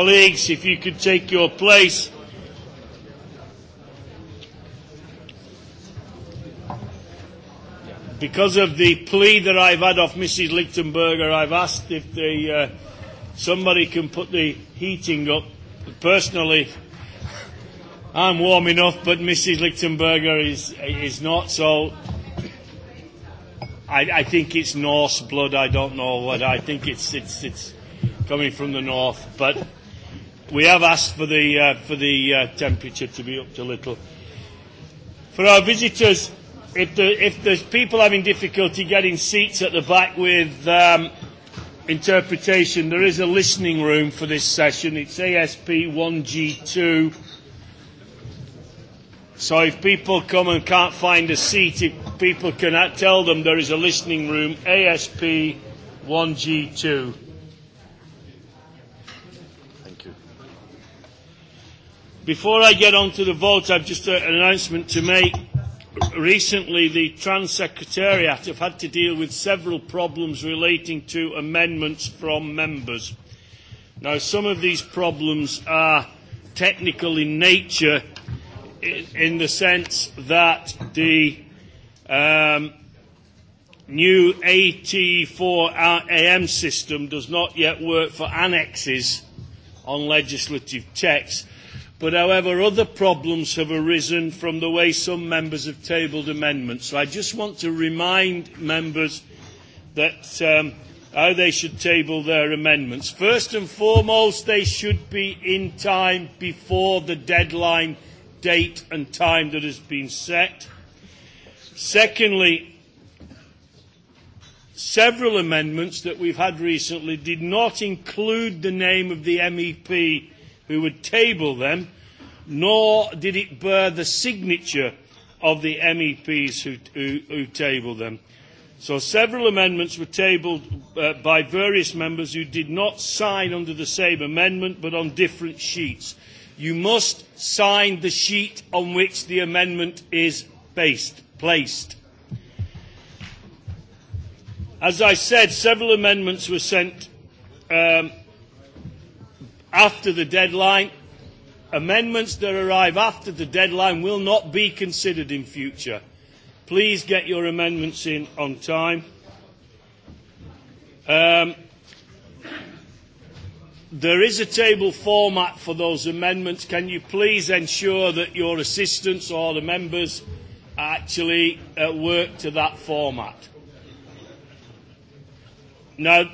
Colleagues, if you could take your place. Because of the plea that I've had off Mrs. Lichtenberger, I've asked if the, uh, somebody can put the heating up. Personally, I'm warm enough, but Mrs. Lichtenberger is, is not, so I, I think it's Norse blood. I don't know what. I think it's, it's, it's coming from the north, but We have asked for the, uh, for the uh, temperature to be up to little. For our visitors, if, the, if there's people having difficulty getting seats at the back with um, interpretation, there is a listening room for this session. It's ASP 1G2. So if people come and can't find a seat, if people can tell them there is a listening room, ASP 1G2. Before I get on to the vote, I've just uh, an announcement to make. Recently, the Trans Secretariat have had to deal with several problems relating to amendments from members. Now, some of these problems are technical in nature, in the sense that the um, new AT4AM system does not yet work for annexes on legislative text But however, other problems have arisen from the way some members have tabled amendments. So I just want to remind members that um, how they should table their amendments. First and foremost, they should be in time before the deadline date and time that has been set. Secondly, several amendments that we've had recently did not include the name of the MEP who would table them, nor did it bear the signature of the MEPs who, who, who tabled them. So several amendments were tabled uh, by various members who did not sign under the same amendment but on different sheets. You must sign the sheet on which the amendment is based, placed. As I said, several amendments were sent um, after the deadline. Amendments that arrive after the deadline will not be considered in future. Please get your amendments in on time. Um, there is a table format for those amendments. Can you please ensure that your assistants or the members actually uh, work to that format? Now,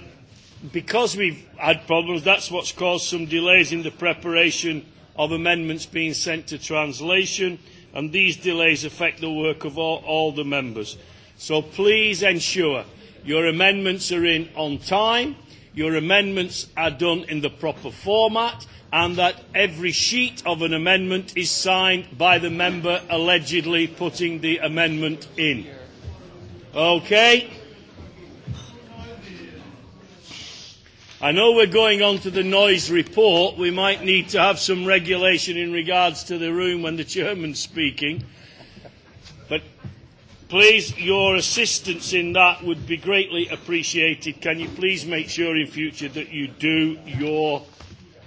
because we've had problems, that's what's caused some delays in the preparation of amendments being sent to translation, and these delays affect the work of all, all the members. So please ensure your amendments are in on time, your amendments are done in the proper format, and that every sheet of an amendment is signed by the member allegedly putting the amendment in. Okay? I know we're going on to the noise report. We might need to have some regulation in regards to the room when the chairman's speaking. But please, your assistance in that would be greatly appreciated. Can you please make sure in future that you do your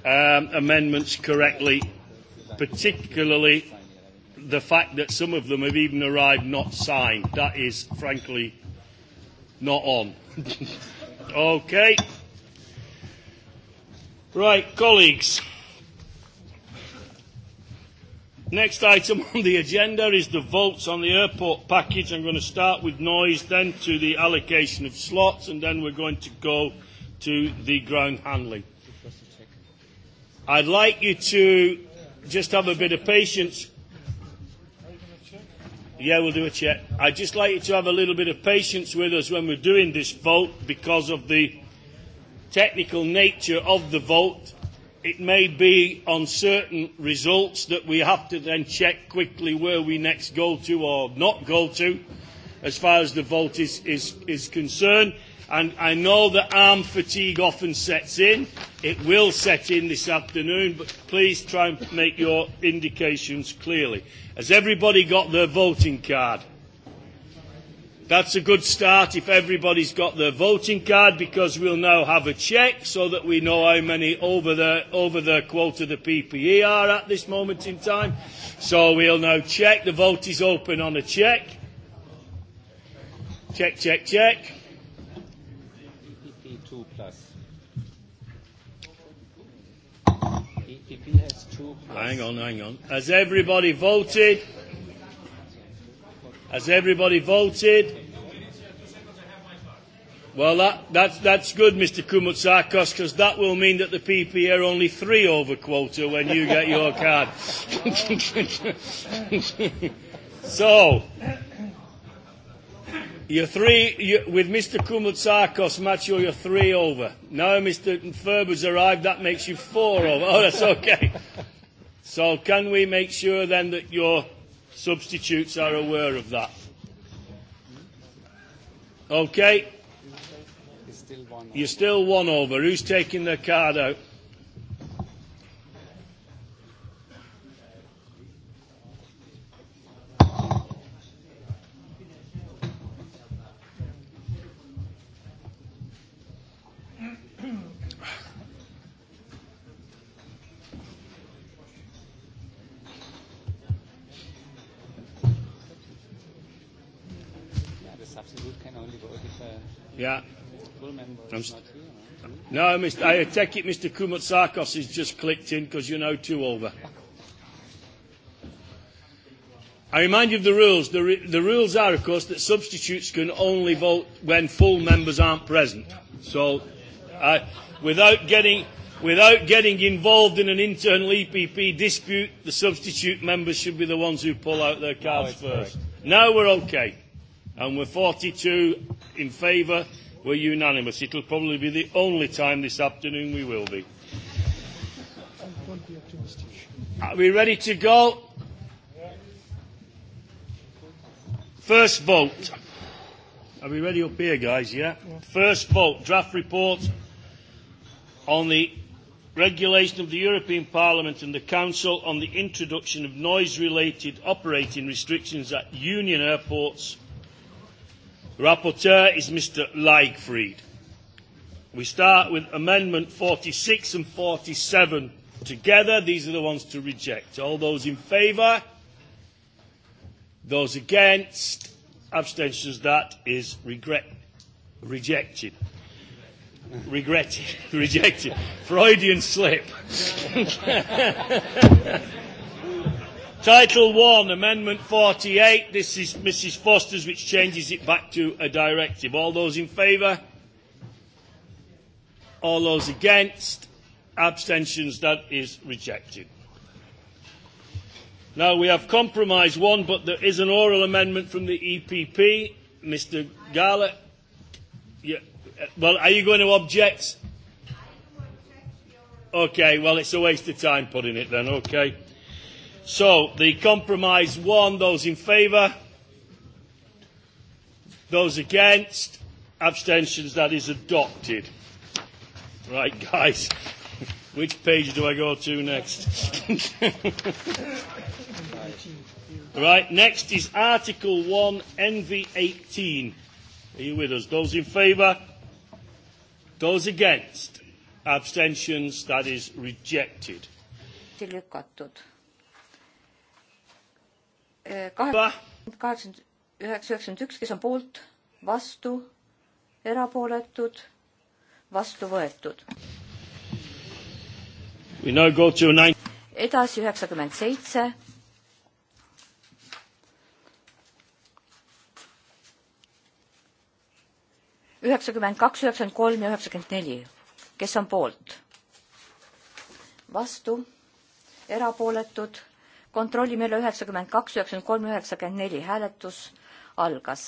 um, amendments correctly, particularly the fact that some of them have even arrived not signed. That is, frankly, not on. okay. Right, colleagues. Next item on the agenda is the votes on the airport package. I'm going to start with noise, then to the allocation of slots, and then we're going to go to the ground handling. I'd like you to just have a bit of patience. Yeah, we'll do a check. I'd just like you to have a little bit of patience with us when we're doing this vote because of the technical nature of the vote, it may be on certain results that we have to then check quickly where we next go to or not go to as far as the vote is, is, is concerned. And I know that arm fatigue often sets in. It will set in this afternoon, but please try and make your indications clearly. Has everybody got their voting card? That's a good start if everybody's got their voting card because we'll now have a check so that we know how many over the, over the quota the PPE are at this moment in time. So we'll now check. The vote is open on a check. Check, check, check. EPP 2 e plus. EPP e has 2 plus. Hang on, hang on. Has everybody voted? Yes. Has everybody voted? Well, that, that's, that's good, Mr. Koumoutsakos, because that will mean that the PP are only three over quota when you get your card. so, you're three, you, with Mr. Koumoutsakos, Macho, you're three over. Now Mr. Ferber's arrived, that makes you four over. Oh, that's okay. So can we make sure then that you're Substitutes are aware of that. Okay. You're still one over. Who's taking their card out? Yeah. I'm st- no, Mr. I take it Mr. Koumatsakos has just clicked in because you're now two over. I remind you of the rules. The, re- the rules are, of course, that substitutes can only vote when full members aren't present. So, uh, without getting without getting involved in an internal EPP dispute, the substitute members should be the ones who pull out their cards no, oh, first. Correct. Now we're okay and were 42 in favour, were unanimous. It'll probably be the only time this afternoon we will be. Don't be optimistic. Are we ready to go? First vote. Are we ready up here, guys? Yeah? yeah. First vote, draft report on the regulation of the European Parliament and the Council on the introduction of noise related operating restrictions at Union airports Rapporteur is Mr. Leichfried. We start with Amendment 46 and 47 together. These are the ones to reject. All those in favour? Those against? Abstentions? That is regret- rejected. Regretted. rejected. Freudian slip. Title 1, Amendment 48. This is Mrs Foster's, which changes it back to a directive. All those in favour? All those against? Abstentions? That is rejected. Now we have compromise one, but there is an oral amendment from the EPP. Mr. Gala, yeah, uh, well, are you going to object? Okay, well, it's a waste of time putting it then, okay. So, the compromise one, those in favour, those against, abstentions, that is adopted. Right, guys, which page do I go to next? right, next is Article 1, NV 18. Are you with us? Those in favour, those against, abstentions, that is rejected. lükatud kaheksakümmend, kaheksakümmend üheksa, üheksakümmend üks, kes on poolt, vastu, erapooletud, vastu võetud. edasi üheksakümmend seitse. üheksakümmend kaks, üheksakümmend kolm ja üheksakümmend neli. kes on poolt? vastu, erapooletud kontrollime üle üheksakümmend kaks, üheksakümmend kolm, üheksakümmend neli, hääletus algas.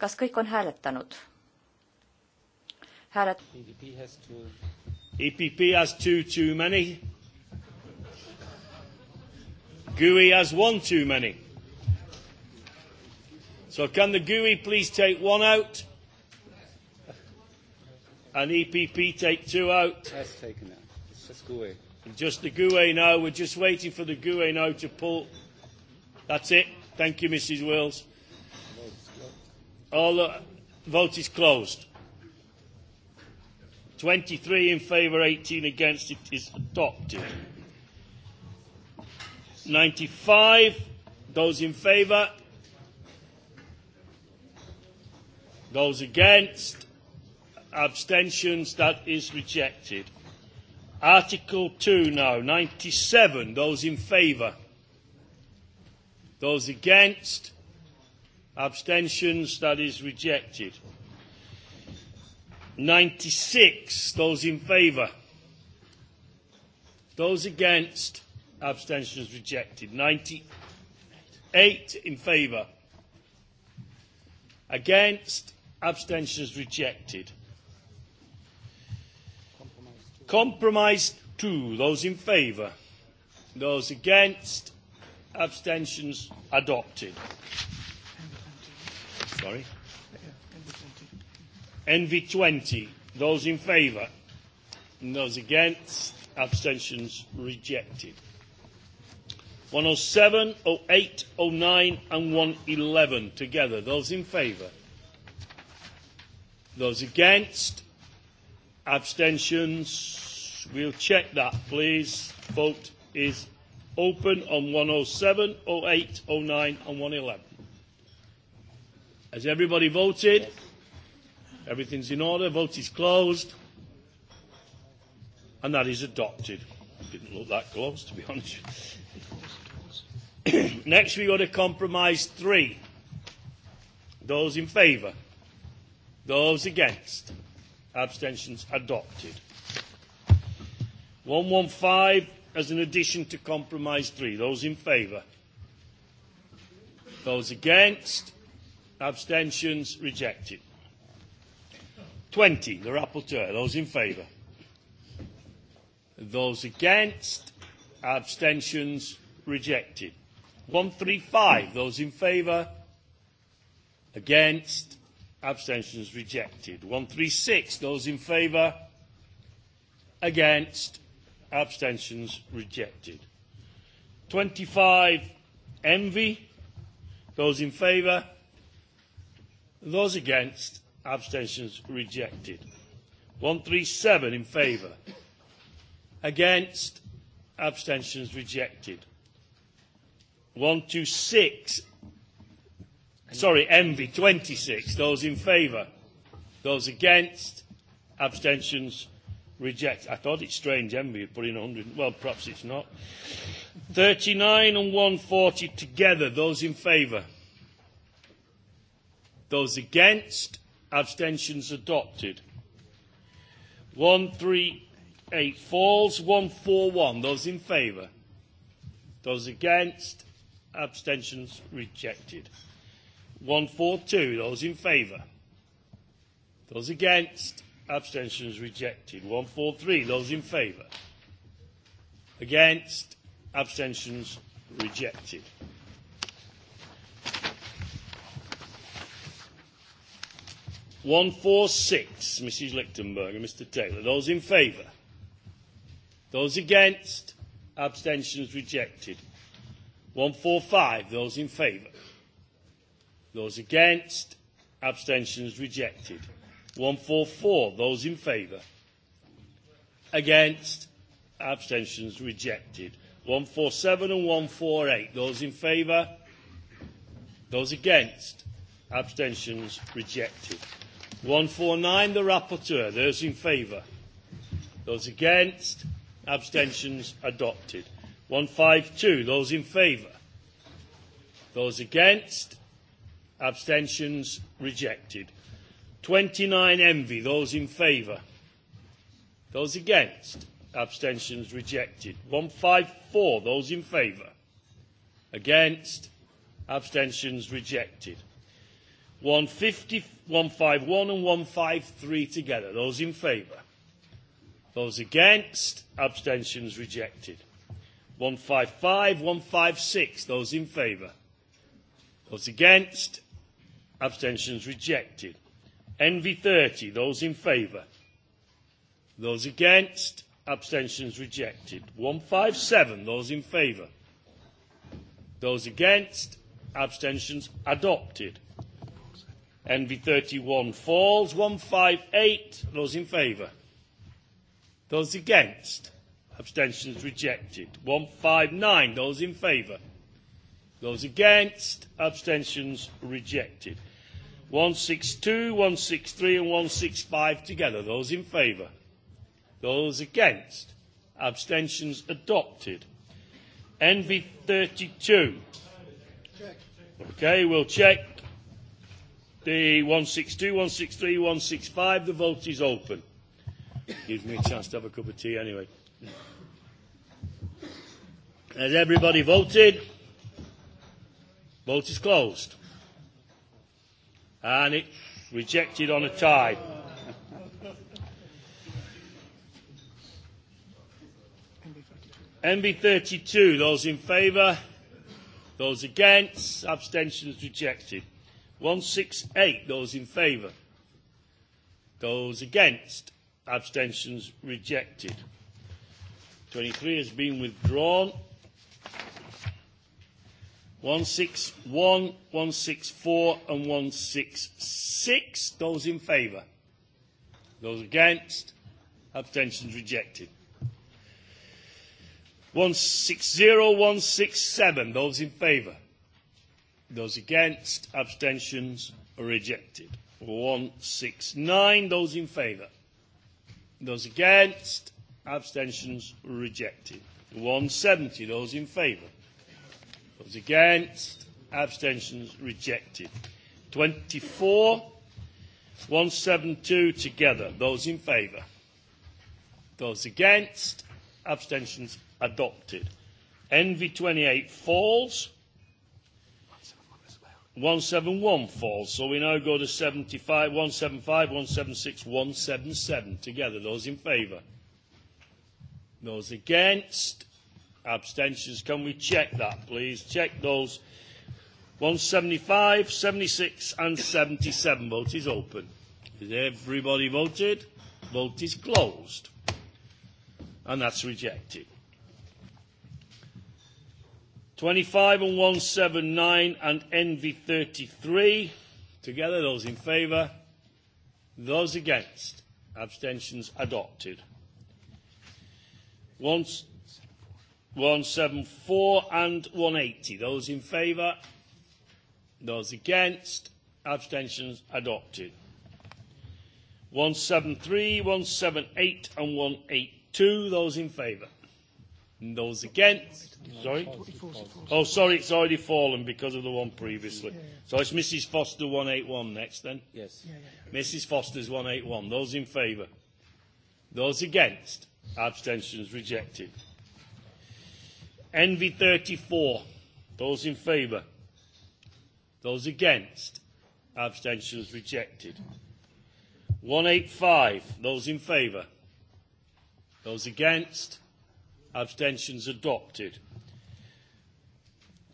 kas kõik on hääletanud? hääled. EPP e has two too many. GUI has one too many. So can the GUI please take one out? And EPP take two out? That's taken out. It's just GUI. Just the GUE now. We're just waiting for the GUE now to pull. That's it. Thank you, Mrs. Wills. All the vote is closed. 23 in favour, 18 against. It is adopted. 95. Those in favour. Those against. Abstentions. That is rejected. Article 2 now, 97. Those in favour? Those against? Abstentions? That is rejected. 96. Those in favour? Those against? Abstentions rejected. 98 in favour. Against? Abstentions rejected. Compromise 2. Those in favour? Those against? Abstentions adopted. Sorry? NV20. Those in favour? And those against? Abstentions rejected. 107, 08, 09 and 111 together. Those in favour? Those against? Abstentions? We'll check that, please. Vote is open on 107, 08, 09 and 111. Has everybody voted? Yes. Everything's in order. Vote is closed. And that is adopted. Didn't look that close, to be honest. Next, we go to compromise three. Those in favour? Those against? abstentions adopted. 115 as an addition to compromise 3. Those in favour? Those against? Abstentions rejected. 20, the rapporteur. Those in favour? Those against? Abstentions rejected. 135, those in favour? Against? Abstentions rejected. 136. Those in favour? Against? Abstentions rejected. 25. Envy? Those in favour? Those against? Abstentions rejected. 137 in favour. Against? Abstentions rejected. 126 sorry, envy 26. Those in favour? Those against? Abstentions? Reject. I thought it's strange envy put in 100. Well, perhaps it's not. 39 and 140 together. Those in favour? Those against? Abstentions adopted. 138 falls. 141. Those in favour? Those against? Abstentions rejected. 142, those in favour. Those against, abstentions rejected. 143, those in favour. Against, abstentions rejected. One four six, Mrs. Lichtenberg and Mr. Taylor. Those in favour. Those against, abstentions rejected. One four five. Those in favour. Those against, abstentions rejected. 144, those in favour. Against, abstentions rejected. 147 and 148, those in favour. Those against, abstentions rejected. 149, the rapporteur, those in favour. Those against, abstentions adopted. 152, those in favour. Those against, Abstentions rejected. 29 envy. Those in favour. Those against. Abstentions rejected. 154. Those in favour. Against. Abstentions rejected. 150, 151 and 153 together. Those in favour. Those against. Abstentions rejected. 155, 156. Those in favour. Those against abstentions rejected. NV30, those in favour. Those against, abstentions rejected. 157, those in favour. Those against, abstentions adopted. NV31 falls. 158, those in favour. Those against, abstentions rejected. 159, those in favour. Those against, abstentions rejected. 162, 163 and 165 together. Those in favour? Those against? Abstentions adopted. NV 32. Check. Okay, we'll check the 162, 163, 165. The vote is open. Gives me a chance to have a cup of tea anyway. Has everybody voted? Vote is closed. And it's rejected on a tie. NB32, those in favour, those against, abstentions rejected. 168, those in favour, those against, abstentions rejected. 23 has been withdrawn. 161, 164 and 166. Those in favour? Those against? Abstentions rejected. 160, 167. Those in favour? Those against? Abstentions are rejected. 169. Those in favour? Those against? Abstentions rejected. 170. Those in favour? Those against, abstentions rejected. 24, 172 together. Those in favour. Those against, abstentions adopted. NV28 falls. 171 falls. So we now go to 75, 175, 176, 177 together. Those in favour. Those against, Abstentions. Can we check that, please? Check those. 175, 76 and 77. Vote is open. Has everybody voted? Vote is closed. And that's rejected. 25 and 179 and NV 33. Together, those in favour. Those against. Abstentions adopted. Once 174 and 180. Those in favour? Those against? Abstentions adopted. 173, 178 and 182. Those in favour? And those against? Sorry? Oh, sorry, it's already fallen because of the one previously. So it's Mrs Foster 181 next then? Yes. Mrs Foster's 181. Those in favour? Those against? Abstentions rejected. NV34. Those in favour? Those against? Abstentions rejected. 185. Those in favour? Those against? Abstentions adopted.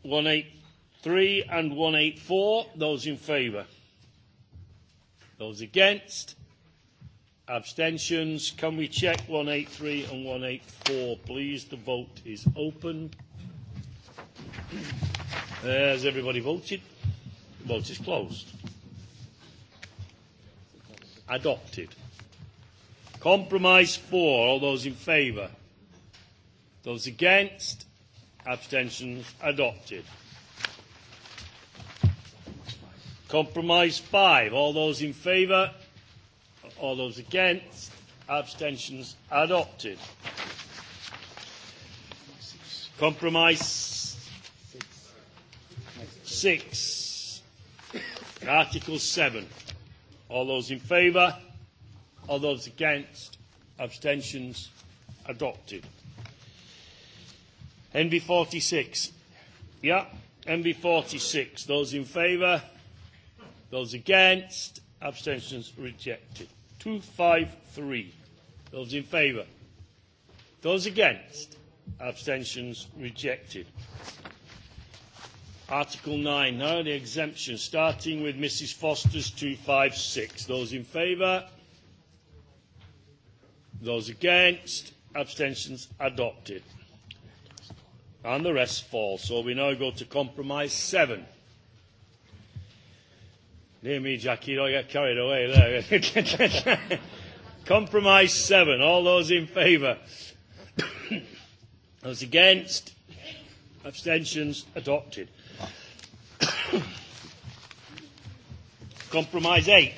183 and 184. Those in favour? Those against? Abstentions. Can we check 183 and 184, please? The vote is open. Has everybody voted? The vote is closed. Adopted. Compromise 4. All those in favour? Those against? Abstentions adopted. Compromise 5. All those in favour? All those against? Abstentions adopted. Compromise 6. Article 7. All those in favour? All those against? Abstentions adopted. NB 46. Yeah, NB 46. Those in favour? Those against? Abstentions rejected. 253. Those in favour? Those against? Abstentions rejected. Article 9. Now the exemption, starting with Mrs Foster's 256. Those in favour? Those against? Abstentions adopted. And the rest fall. So we now go to compromise 7. Dear me, Jackie, I get carried away there. Compromise seven. All those in favour? those against? Abstentions adopted. Compromise 8.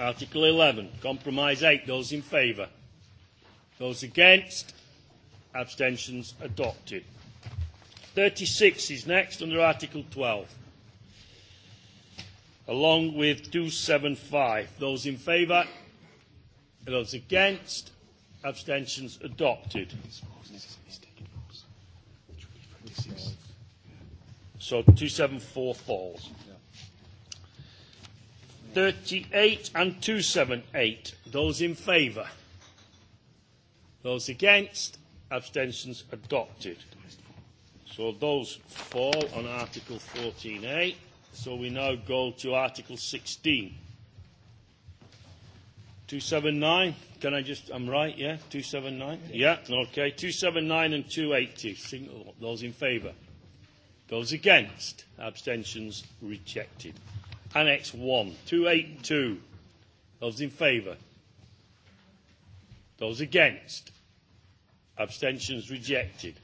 Article 11. Compromise 8. Those in favour? Those against? Abstentions adopted. 36 is next under Article 12. Along with 275. Those in favour? Those against? Abstentions adopted. So 274 falls. 38 and 278. Those in favour? Those against? Abstentions adopted. So those fall on Article 14A. So we now go to Article 16. 279, can I just, I'm right, yeah? 279? Yeah, okay. 279 and 280, single, those in favour. Those against, abstentions rejected. Annex 1, 282, those in favour. Those against, abstentions rejected.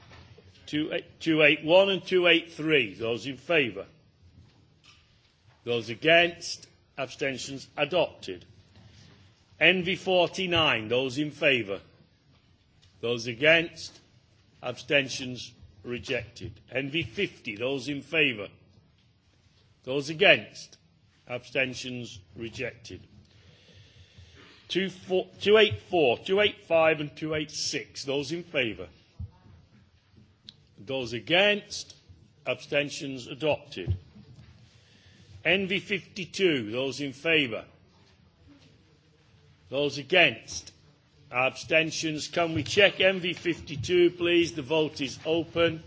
281 and 283. Those in favour? Those against? Abstentions adopted. NV49. Those in favour? Those against? Abstentions rejected. NV50. Those in favour? Those against? Abstentions rejected. 284, 285 and 286. Those in favour? Those against? Abstentions adopted. Envy 52. Those in favour? Those against? Abstentions. Can we check MV 52, please? The vote is open.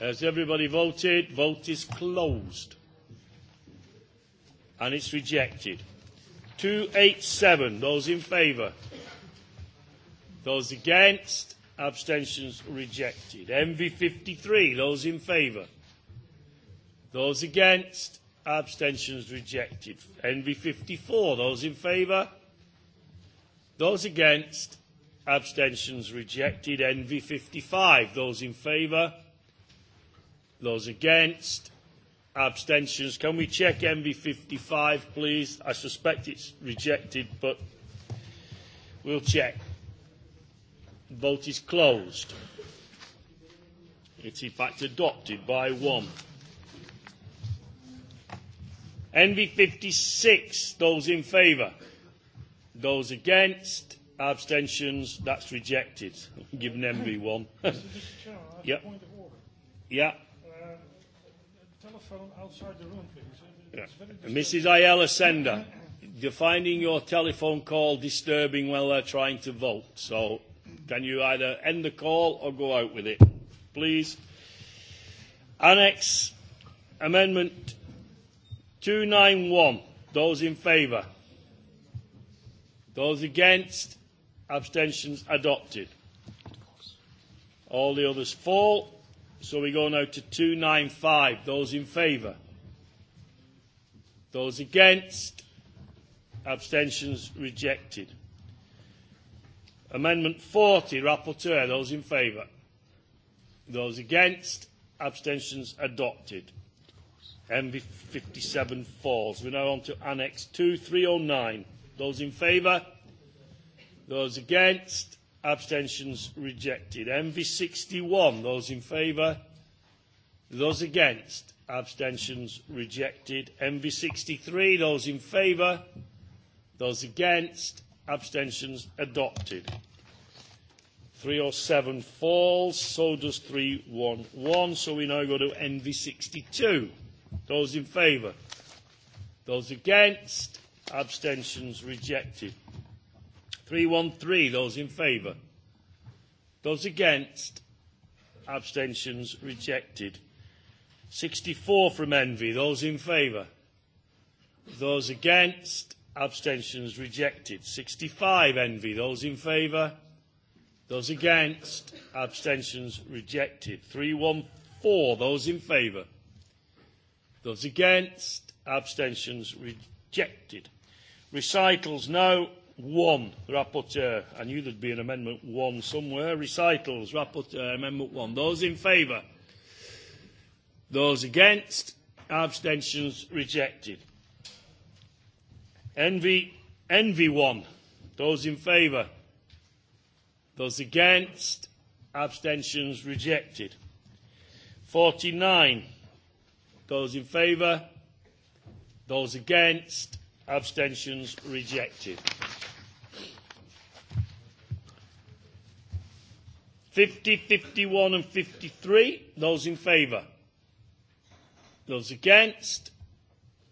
Has everybody voted? Vote is closed. And it's rejected. 287. Those in favour? 287. Those against, abstentions rejected. MV53, those in favour. Those against, abstentions rejected. NV54, those in favour? Those against, abstentions rejected. NV55, those in favour? Those against, abstentions. Can we check NV55, please? I suspect it's rejected, but we'll check. Vote is closed. It's in fact adopted by one. NV 56, those in favour. Those against, abstentions, that's rejected. Give an NV one. yeah. Yeah. Uh, telephone outside the room, please. Yeah. Mrs. Ayala Sender, you're finding your telephone call disturbing while they're trying to vote, so Can you either end the call or go out with it? Please. Annex Amendment 291. Those in favour? Those against? Abstentions adopted. All the others fall. So we go now to 295. Those in favour? Those against? Abstentions rejected. Amendment 40, Rapporteur. Those in favour? Those against? Abstentions adopted. MV 57 falls. We're now on to Annex 2, 309. Those in favour? Those against? Abstentions rejected. MV 61. Those in favour? Those against? Abstentions rejected. MV 63. Those in favour? Those against? abstentions adopted. 307 falls, so does 311. So we now go to NV62. Those in favour? Those against? Abstentions rejected. 313, those in favour? Those against? Abstentions rejected. 64 from Envy, those in favour? Those against? abstentions rejected. 65 envy, those in favour, those against, abstentions rejected. 314, those in favour, those against, abstentions rejected. Recitals no, one, rapporteur. I knew there'd be an amendment one somewhere. Recitals, rapporteur, amendment one. Those in favour, those against, abstentions rejected. Envy, envy one. Those in favour. Those against. Abstentions rejected. 49. Those in favour. Those against. Abstentions rejected. 50, 51 and 53. Those in favour. Those against.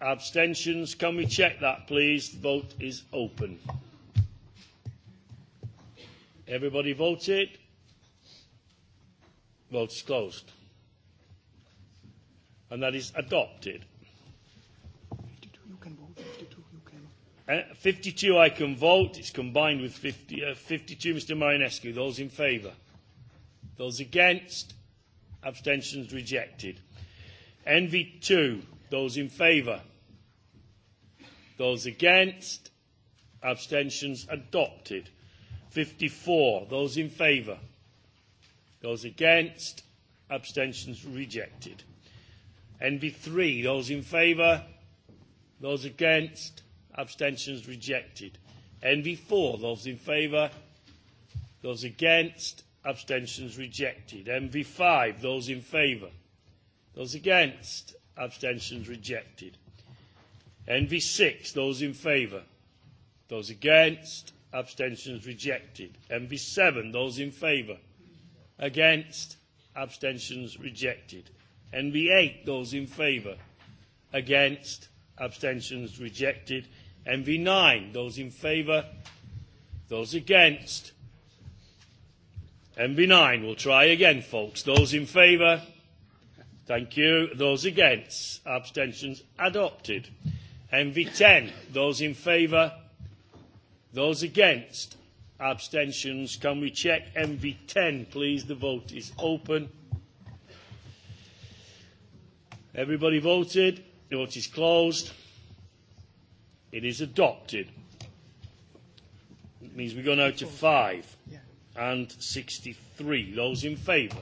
Abstentions? Can we check that, please? The vote is open. Everybody voted? Vote's closed. And that is adopted. 52, you can vote. 52, you can. Uh, eh, 52, I can vote. It's combined with 50, uh, 52, Mr. Marinescu. Those in favour? Those against? Abstentions rejected. NV2. Those in favour? Those against? Abstentions adopted. 54. Those in favour? Those against? Abstentions rejected. NV3. Those in favour? Those against? Abstentions rejected. NV4. Those in favour? Those against? Abstentions rejected. NV5. Those in favour? Those against? Abstentions rejected. NV6, those in favour. Those against. Abstentions rejected. NV7, those in favour. Against. Abstentions rejected. NV8, those in favour. Against. Abstentions rejected. NV9, those in favour. Those against. NV9, we'll try again, folks. Those in favour. Thank you. Those against? Abstentions adopted. MV10. Those in favour? Those against? Abstentions. Can we check MV10, please? The vote is open. Everybody voted. The vote is closed. It is adopted. It means we go now to 5 and 63. Those in favour?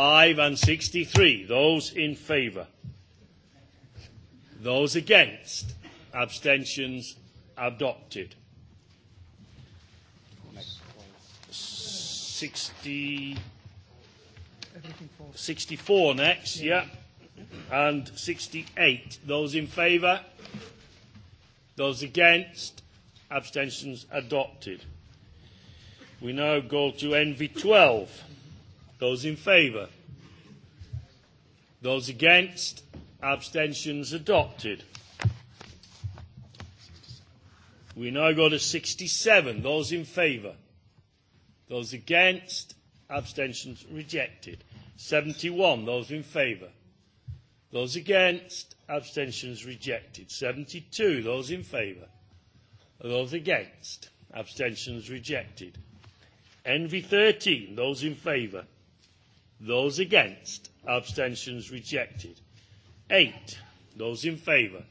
5 and 63. Those in favour? Those against? Abstentions adopted. 60, 64 next, yeah. yeah. And 68. Those in favour? Those against? Abstentions adopted. We now go to NV12. Those in favour? Those against? Abstentions adopted. We now go to 67. Those in favour? Those against? Abstentions rejected. 71. Those in favour? Those against? Abstentions rejected. 72. Those in favour? Those against? Abstentions rejected. NV13. Those in favour? Those against, abstentions rejected. 8. Those in favour.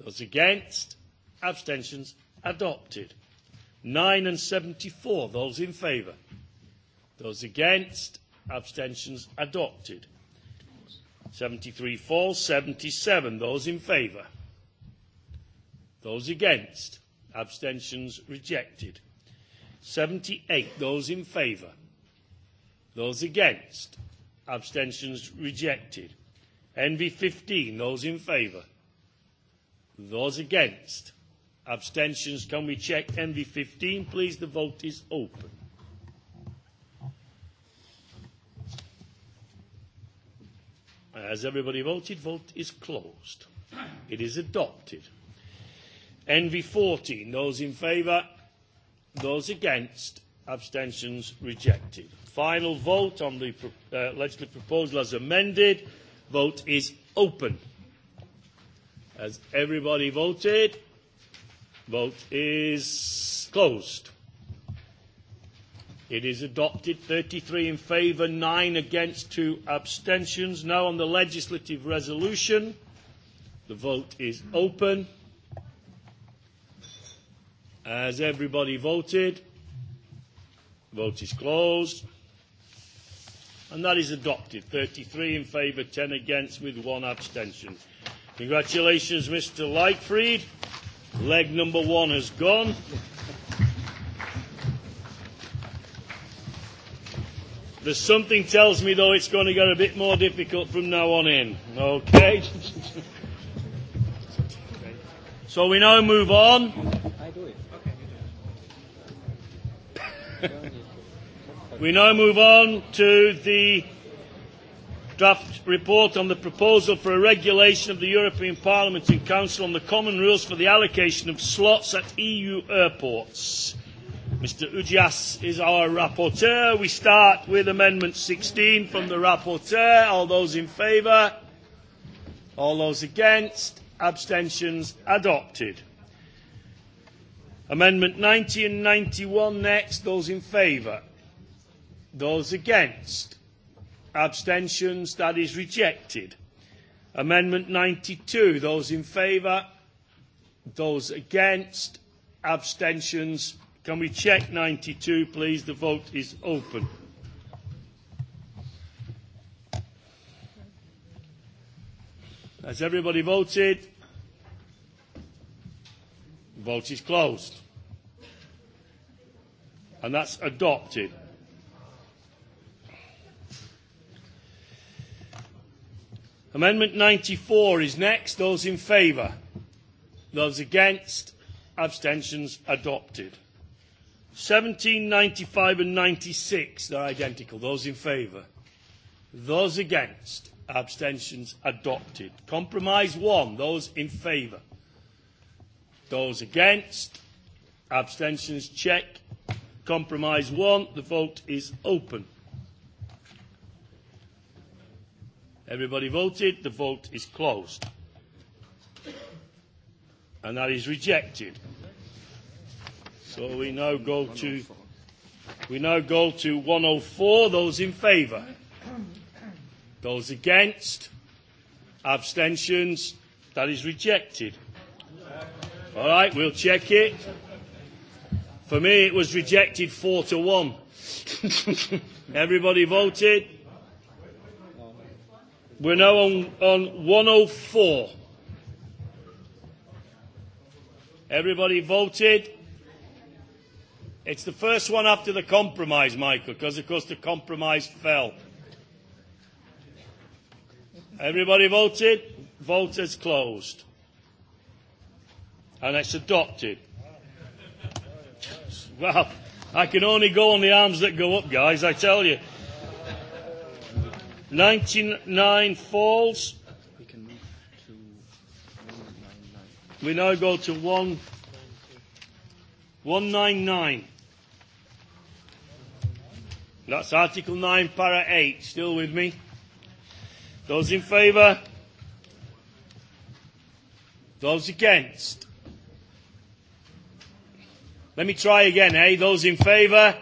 Those against, abstentions adopted. 9 and 74, those in favour. Those against, abstentions adopted. 73 falls, 77, those in favour. Those against, abstentions rejected. 78, those in favour. Those against? Abstentions rejected. NV 15, those in favour? Those against? Abstentions, can we check NV 15, please? The vote is open. Has everybody voted? Vote is closed. It is adopted. NV 14, those in favour? Those against? Abstentions rejected. Final vote on the uh, legislative proposal as amended. Vote is open. Has everybody voted? Vote is closed. It is adopted 33 in favour, 9 against, 2 abstentions. Now on the legislative resolution. The vote is open. Has everybody voted? Vote is closed. And that is adopted. 33 in favour, 10 against, with one abstention. Congratulations, Mr. Lightfried. Leg number one has gone. There's something tells me, though, it's going to get a bit more difficult from now on in. Okay? so we now move on We now move on to the draft report on the proposal for a regulation of the European Parliament and Council on the common rules for the allocation of slots at EU airports. Mr Ugias is our rapporteur. We start with Amendment 16 from the rapporteur. All those in favour? All those against? Abstentions adopted. Amendment 90 and 91 next. Those in favour? Those against? Abstentions? That is rejected. Amendment 92. Those in favour? Those against? Abstentions? Can we check 92, please? The vote is open. Has everybody voted? Vote is closed. And that's adopted. Amendment 94 is next. Those in favour? Those against? Abstentions adopted. 17, 95 and 96, they're identical. Those in favour? Those against? Abstentions adopted. Compromise 1, those in favour? Those against? Abstentions check. Compromise 1, the vote is open. Everybody voted. The vote is closed. And that is rejected. So we now go to we now go to 104. Those in favour. Those against. Abstentions. That is rejected. All right, we'll check it. For me, it was rejected four to one. Everybody voted. We're now on, on 104. Everybody voted? It's the first one after the compromise, Michael, because of course the compromise fell. Everybody voted? Vote is closed. And it's adopted. Well, I can only go on the arms that go up, guys, I tell you. 99 falls. We can move to 199. We now go to 1, 199. That's Article 9, Para 8. Still with me? Those in favour? Those against? Let me try again, eh? Those in favour?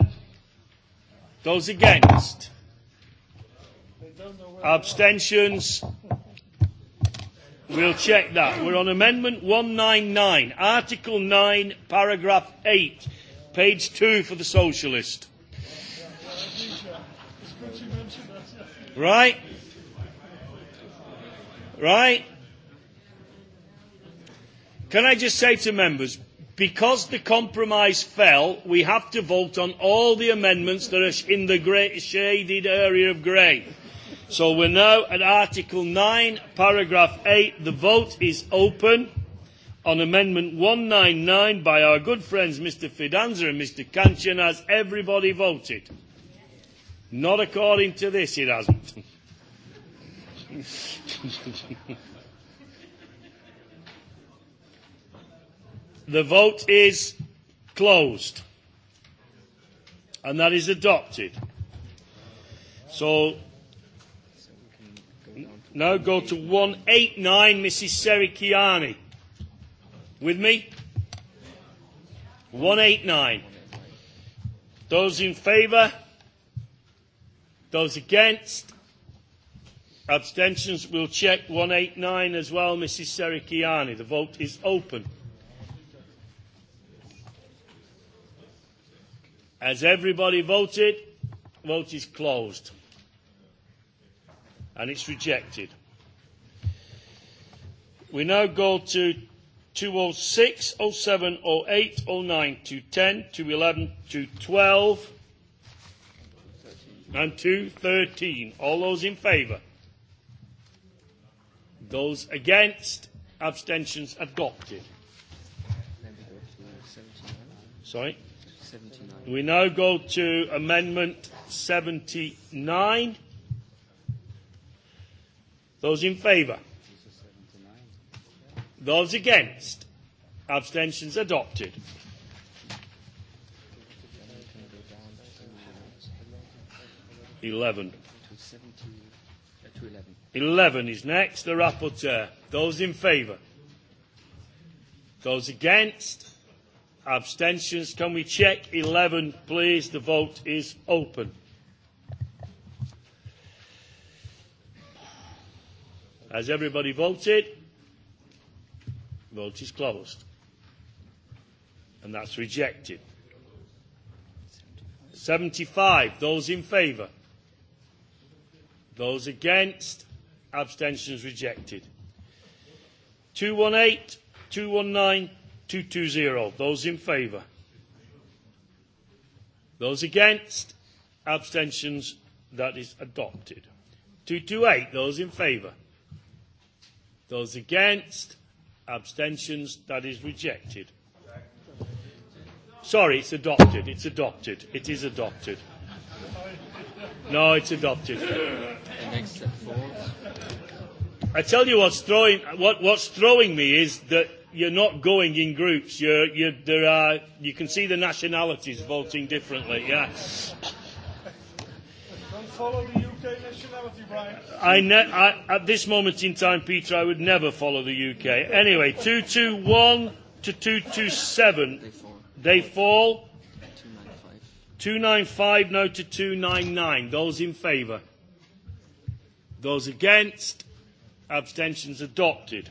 Those against? Abstentions? We'll check that. We're on Amendment 199, Article 9, Paragraph 8, page 2 for the Socialist. Right? Right? Can I just say to members, because the compromise fell, we have to vote on all the amendments that are in the grey, shaded area of grey. So we're now at Article 9, Paragraph 8. The vote is open on Amendment 199 by our good friends Mr Fidanza and Mr Kanchan. Has everybody voted? Not according to this, it hasn't. the vote is closed. And that is adopted. So No, go to 189, Mrs. Serikiani. With me? 189. Those in favour? Those against? Abstentions? We'll check 189 as well, Mrs. Serikiani. The vote is open. Has everybody voted? Vote is closed and it's rejected. We now go to 206, 07, 08, 09, 210, 211, 212 and 213. All those in favour? Those against? Abstentions adopted. Sorry? 79. We now go to Amendment 79. Those in favour? Those against? Abstentions adopted. Eleven. Eleven is next. The rapporteur. Those in favour? Those against? Abstentions. Can we check 11, please? The vote is open. Has everybody voted? Vote is closed. And that's rejected. 75. Those in favour? Those against? Abstentions rejected. 218, 219, 220. Those in favour? Those against? Abstentions? That is adopted. 228. Those in favour? Those against? Abstentions? That is rejected. Sorry, it's adopted. It's adopted. It is adopted. No, it's adopted. I tell you what's throwing, what, what's throwing me is that you're not going in groups. You're, you're, there are, you can see the nationalities voting differently. Yeah. Don't follow the UK nationality, Brian? I ne- I, at this moment in time, Peter, I would never follow the UK. Anyway, 221 to 227. They fall. They fall. 295. 295 no to 299. Those in favour? Those against? Abstentions adopted.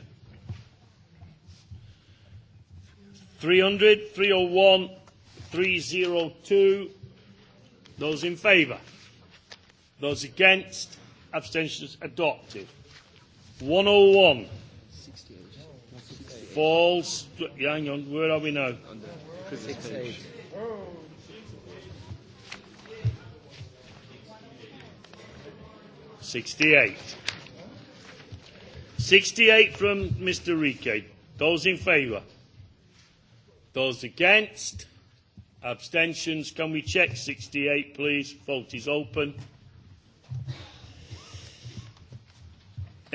300, 301, 302. Those in favour? Those against, abstentions adopted. 101. Falls. Yeah, hang on, where are we now? Six, eight. Sixty-eight. Sixty-eight from Mr. Rike. Those in favour. Those against? Abstentions. Can we check 68, please? Vote is open.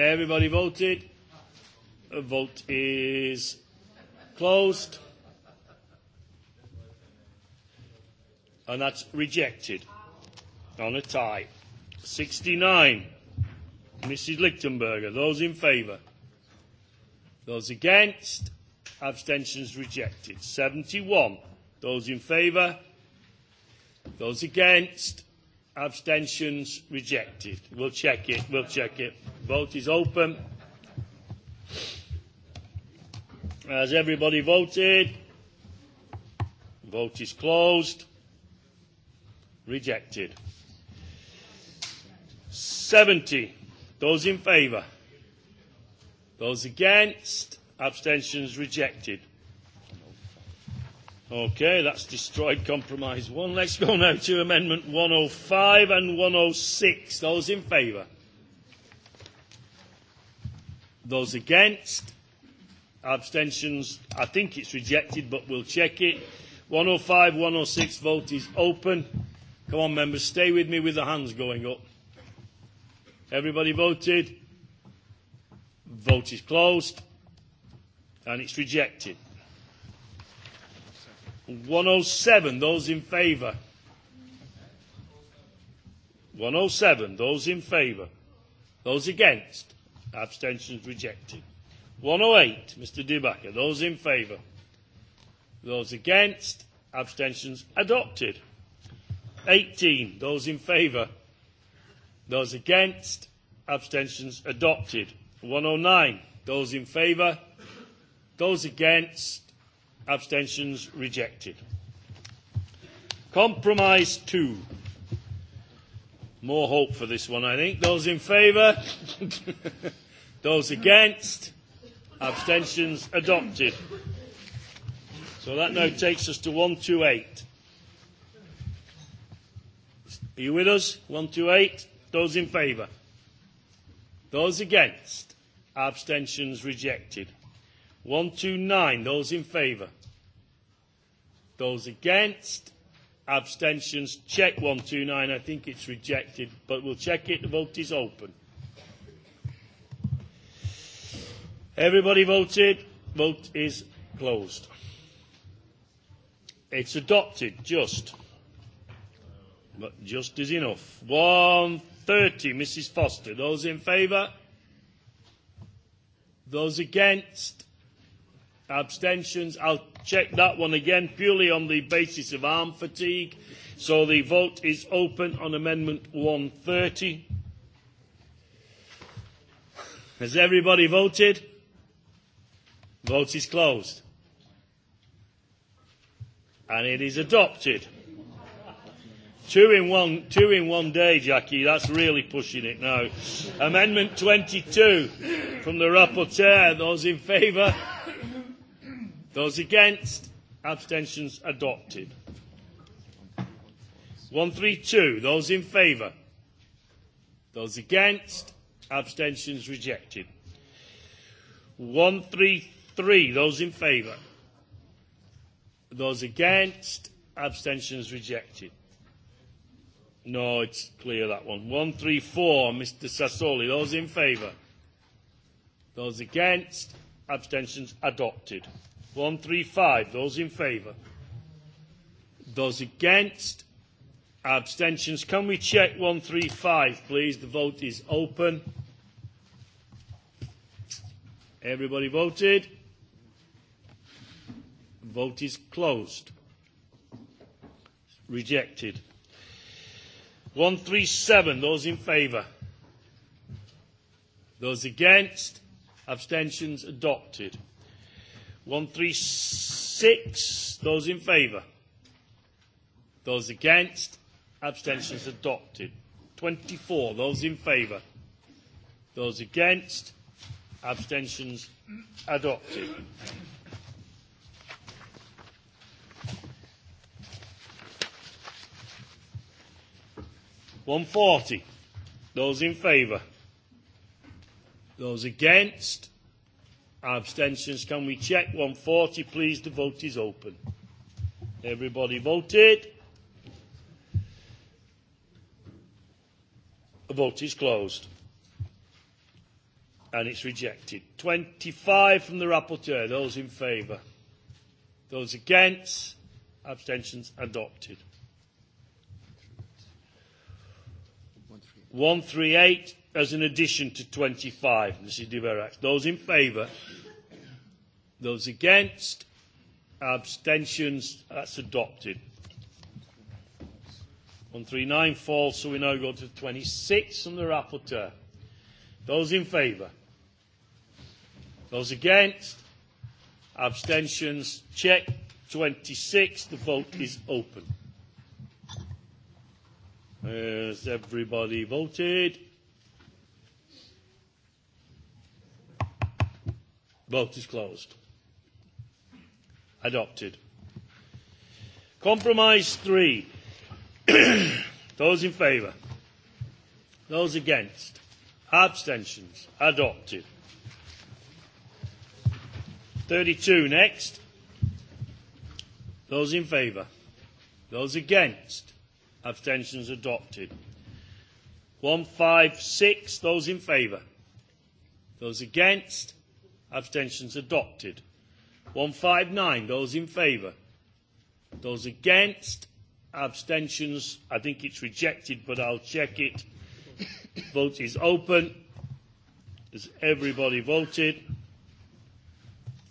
Everybody voted. A vote is closed. And that's rejected on a tie. 69. Mrs. Lichtenberger. Those in favour? Those against? Abstentions rejected. 71. Those in favour? Those against? Abstentions rejected. We'll check it. We'll check it. Vote is open. Has everybody voted? Vote is closed. Rejected. 70. Those in favour? Those against? Abstentions rejected. Okay, that's destroyed compromise one. Let's go now to amendment 105 and 106. Those in favour? Those against? Abstentions? I think it's rejected, but we'll check it. 105, 106 vote is open. Come on, members, stay with me with the hands going up. Everybody voted? Vote is closed. And it's rejected. 107, those in favour. 107, those in favour. Those against? Abstentions rejected. 108, Mr. Debacker. Those in favour? Those against? Abstentions adopted. 18, those in favour? Those against? Abstentions adopted. 109, those in favour? Those against? Abstentions rejected. Compromise 2. More hope for this one, I think. Those in favour? Those against? Abstentions adopted. So that now takes us to 128. Are you with us? 128. Those in favour? Those against? Abstentions rejected. 129. Those in favour? Those against? abstentions. Check 129. I think it's rejected, but we'll check it. The vote is open. Everybody voted. Vote is closed. It's adopted, just. But just is enough. 130, Mrs. Foster. Those in favour? Those against? Abstentions? I'll check that one again purely on the basis of arm fatigue. So the vote is open on Amendment 130. Has everybody voted? Vote is closed. And it is adopted. Two in one, two in one day, Jackie. That's really pushing it now. Amendment 22 from the rapporteur. Those in favour? Those against? Abstentions adopted. 132. Those in favour? Those against? Abstentions rejected. 133. Those in favour? Those against? Abstentions rejected. No, it's clear that one. 134, Mr Sassoli. Those in favour? Those against? Abstentions adopted. 135. Those in favour? Those against? Abstentions. Can we check 135, please? The vote is open. Everybody voted? Vote is closed. Rejected. 137. Those in favour? Those against? Abstentions adopted. 136. Those in favour? Those against? Abstentions adopted. 24. Those in favour? Those against? Abstentions adopted. One forty. Those in favour. Those against. Abstentions. Can we check 140, please? The vote is open. Everybody voted. The vote is closed. And it's rejected. 25 from the rapporteur. Those in favour. Those against. Abstentions adopted. 138 as an addition to 25, Mrs. de Verac. Those in favour? Those against? Abstentions? That's adopted. 139 falls, so we now go to 26 from the rapporteur. Those in favour? Those against? Abstentions? Check. 26. The vote is open. Has everybody voted? Vote is closed. Adopted. Compromise 3. Those in favour? Those against? Abstentions? Adopted. 32 next. Those in favour? Those against? Abstentions adopted. 156. Those in favour? Those against? Abstentions adopted. 159. Those in favour. Those against. Abstentions. I think it's rejected, but I'll check it. Vote is open. Has everybody voted?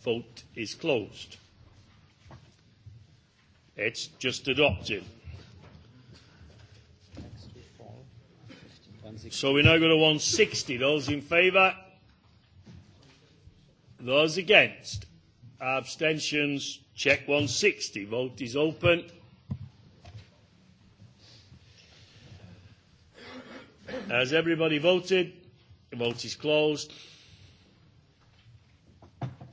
Vote is closed. It's just adopted. So we're now going to 160. Those in favour? Those against? Abstentions? Check 160. Vote is open. Has everybody voted? The vote is closed.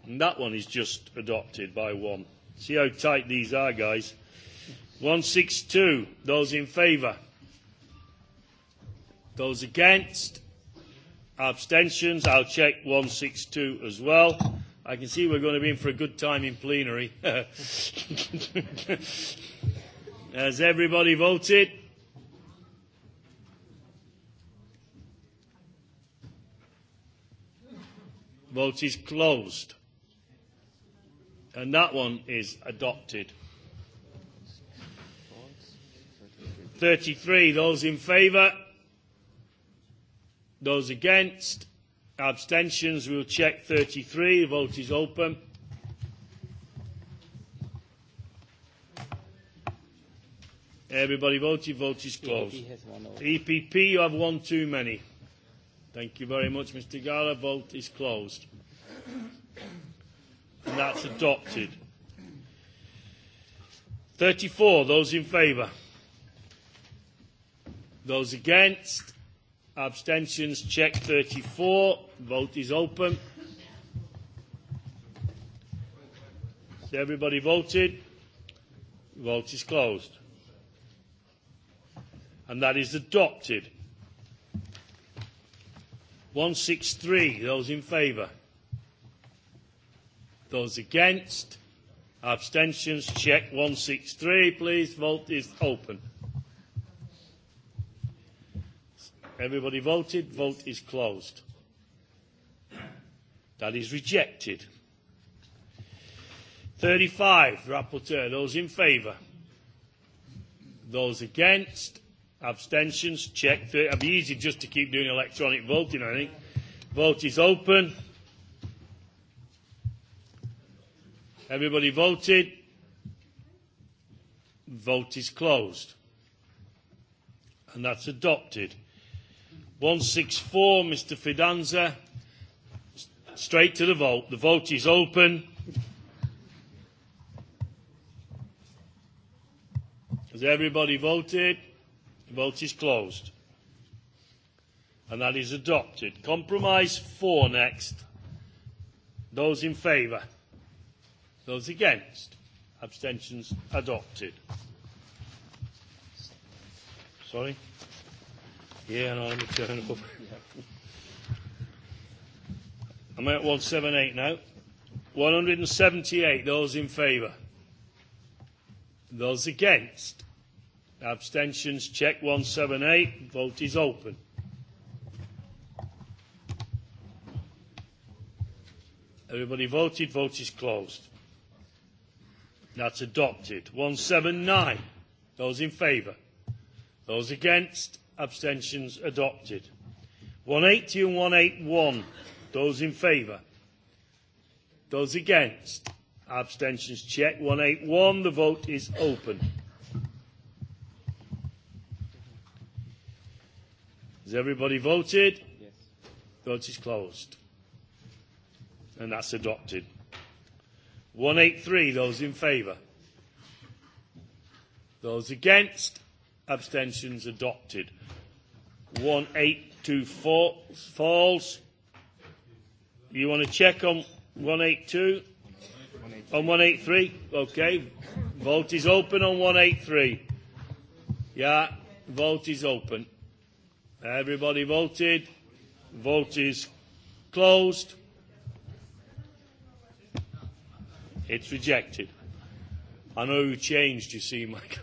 And that one is just adopted by one. See how tight these are, guys. 162. Those in favour? Those against? Abstentions? I'll check 162 as well. I can see we're going to be in for a good time in plenary. Has everybody voted? Vote is closed. And that one is adopted. 33, those in favour? Those against? Abstentions? We'll check 33. The vote is open. Everybody voted. Vote is e closed. EPP, has one over. EPP, you have one too many. Thank you very much, Mr. Gala. Vote is closed. And that's adopted. 34. Those in favour? Those against? Abstentions, check 34. Vote is open. Has everybody voted? Vote is closed. And that is adopted. 163, those in favour. Those against? Abstentions, check 163, please. Vote is open. Everybody voted. Vote is closed. That is rejected. 35, rapporteur. Those in favour? Those against? Abstentions? Check. It'd be easy just to keep doing electronic voting, I think. Vote is open. Everybody voted. Vote is closed. And that's adopted. 164, Mr. Fidanza. Straight to the vote. The vote is open. Has everybody voted? The vote is closed. And that is adopted. Compromise 4 next. Those in favour? Those against? Abstentions adopted. Sorry? Yeah, no, let me turn it over. I'm at 178 now. 178, those in favour. Those against. Abstentions, check 178. Vote is open. Everybody voted, vote is closed. That's adopted. 179, those in favour. Those against, abstentions adopted. 180 and 181, those in favour. Those against, abstentions check. 181, the vote is open. Has everybody voted? Yes. Vote is closed. And that's adopted. 183, those in favour. Those against, abstentions adopted. 1824 falls. You want to check on 182? On 183? Okay. Vote is open on 183. Yeah, vote is open. Everybody voted. Vote is closed. It's rejected. I know who changed, you see, Michael.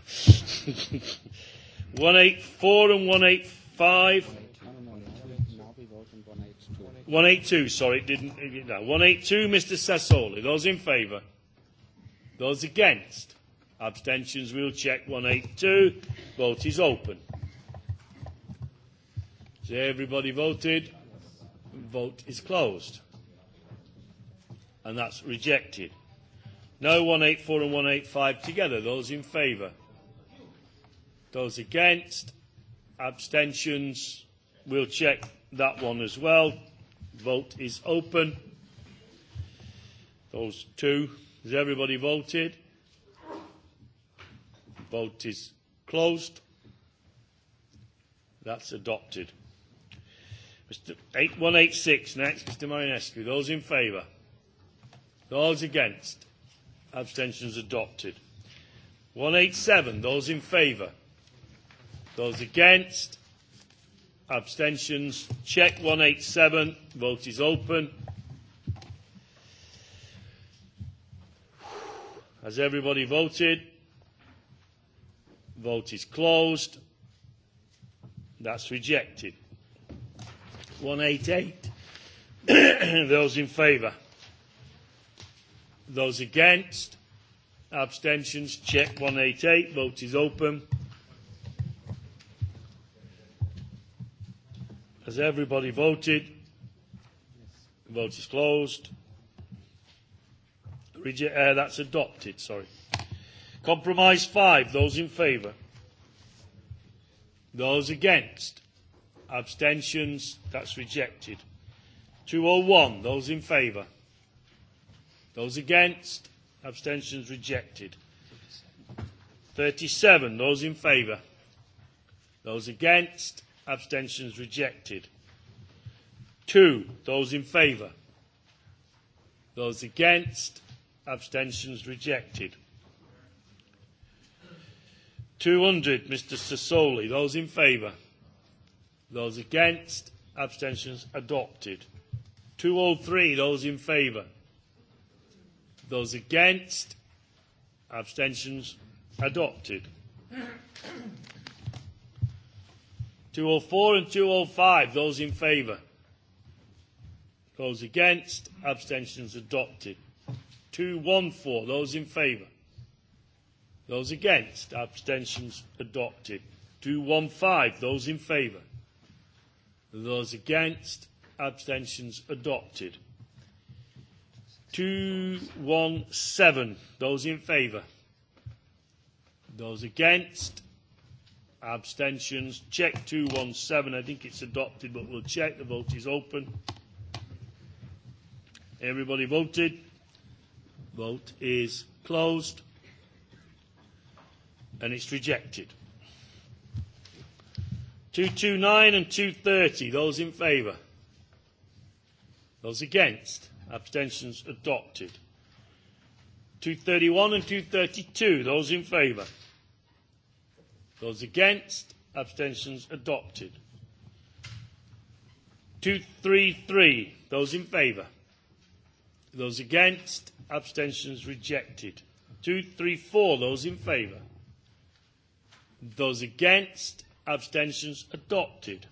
184 and 185. Five. 182, sorry, it didn't. No, 182, Mr. Sassoli. Those in favour? Those against? Abstentions, we'll check 182. Vote is open. Has so everybody voted? Vote is closed. And that's rejected. No 184 and 185 together. Those in favour? Those against? Abstentions? We'll check that one as well. Vote is open. Those two. Has everybody voted? Vote is closed. That's adopted. Mr. 8186 next, Mr. Marinescu. Those in favour? Those against? Abstentions adopted. 187. Those in favour? Those against? Abstentions? Check 187. Vote is open. Has everybody voted? Vote is closed. That's rejected. 188. Those in favour? Those against? Abstentions? Check 188. Vote is open. Has everybody voted? The vote is closed. Reject, uh, that's adopted, sorry. Compromise 5, those in favour. Those against. Abstentions, that's rejected. 201, those in favour. Those against, abstentions rejected. 37, those in favour. Those against, Abstentions rejected. Two. Those in favour. Those against. Abstentions rejected. 200, Mr. Sassoli. Those in favour? Those against? Abstentions adopted. 203, those in favour? Those against? Abstentions adopted. 204 and 205, those in favour. Those against, abstentions adopted. 214, those in favour. Those against, abstentions adopted. 215, those in favour. Those against, abstentions adopted. 217, those in favour. Those against, Abstentions. Check 217. I think it's adopted, but we'll check. The vote is open. Everybody voted. Vote is closed. And it's rejected. 229 and 230. Those in favour? Those against? Abstentions adopted. 231 and 232. Those in favour? Those against, abstentions adopted. 233, those in favour. Those against, abstentions rejected. 234, those in favour. Those against, abstentions adopted.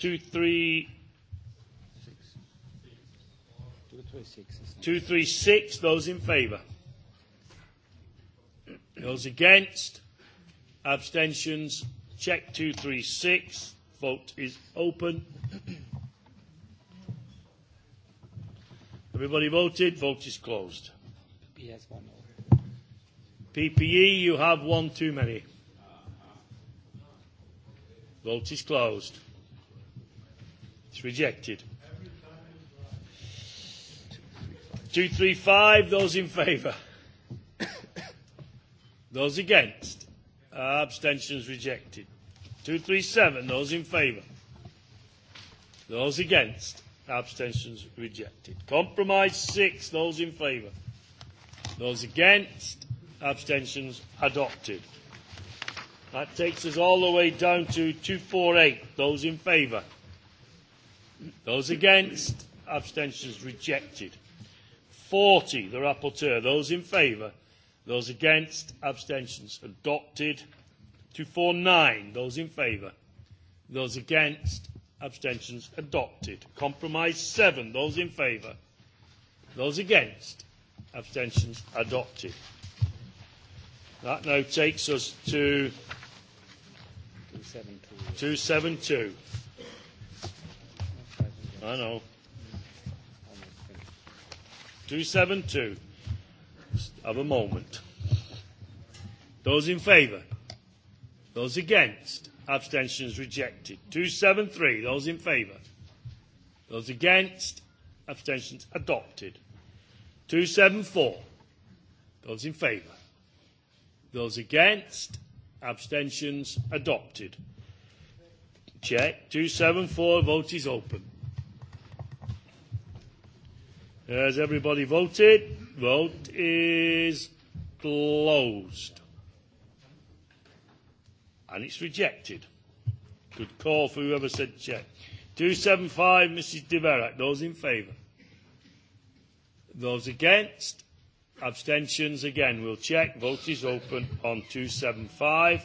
236, 236 those in favour. Those against, Abstentions? Check 236. Vote is open. Everybody voted. Vote is closed. PP e has one over. PPE, you have one too many. Vote is closed. It's rejected. 235, those in favour. those against. Uh, abstentions rejected. 237, those in favour. Those against. Abstentions rejected. Compromise 6, those in favour. Those against. Abstentions adopted. That takes us all the way down to 248. Those in favour? Those against? Abstentions rejected. 40, the rapporteur. Those in favour? Those against, abstentions adopted. 249, those in favour. Those against, abstentions adopted. Compromise 7, those in favour. Those against, abstentions adopted. That now takes us to 272. 272. I know. 272. Have a moment. Those in favour? Those against? Abstentions rejected. 273. Those in favour? Those against? Abstentions adopted. 274. Those in favour? Those against? Abstentions adopted. Check. 274. Vote is open. Has everybody voted? Vote is closed. And it's rejected. Good call for whoever said check. 275, Mrs. Deverac. Those in favour? Those against? Abstentions again. We'll check. Vote is open on 275.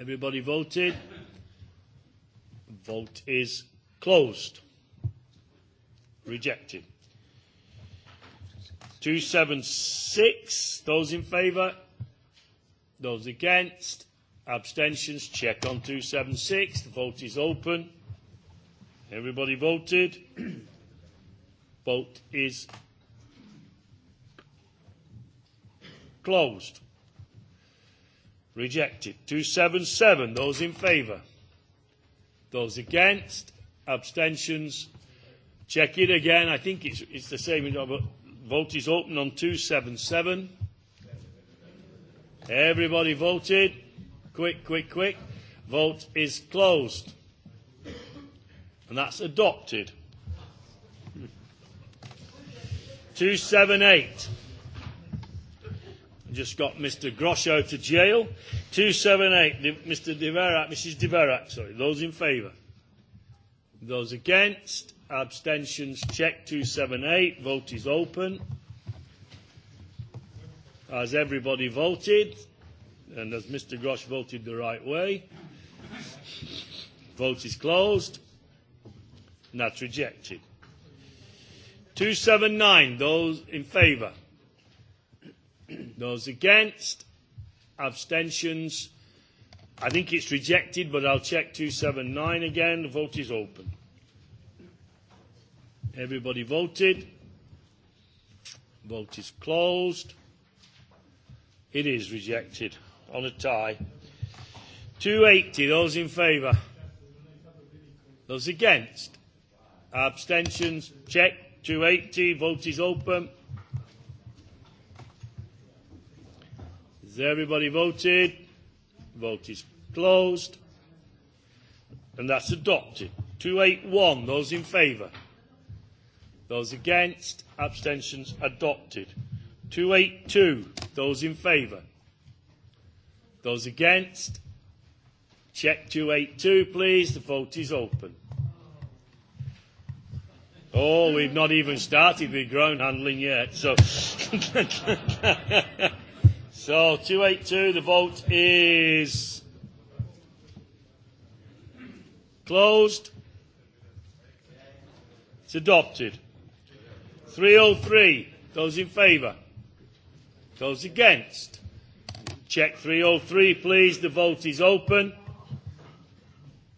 Everybody voted? Vote is closed. Rejected. 276. Those in favour? Those against? Abstentions? Check on 276. The vote is open. Everybody voted. vote is closed. Rejected. 277. Those in favour? Those against? Abstentions? Check it again. I think it's, it's the same, but Vote is open on 277. Everybody voted. Quick, quick, quick. Vote is closed. And that's adopted. 278. Just got Mr. Grosh out of jail. 278. Mr. Deverac, Mrs. Deverac, sorry. Those in favour? Those against? Abstentions. Check 278. Vote is open. Has everybody voted? And has Mr. Grosh voted the right way? Vote is closed. And that's rejected. 279. Those in favour? Those against? Abstentions? I think it's rejected, but I'll check 279 again. The vote is open. Everybody voted. Vote is closed. It is rejected on a tie. 280, those in favour? Those against? Abstentions? Check. 280, vote is open. Has everybody voted? Vote is closed. And that's adopted. 281, those in favour? Those against, abstentions adopted. 282, those in favour. Those against, check 282 please, the vote is open. Oh, we've not even started with ground handling yet, so. so, 282, the vote is closed. It's adopted. 303. Those in favour? Those against? Check 303, please. The vote is open.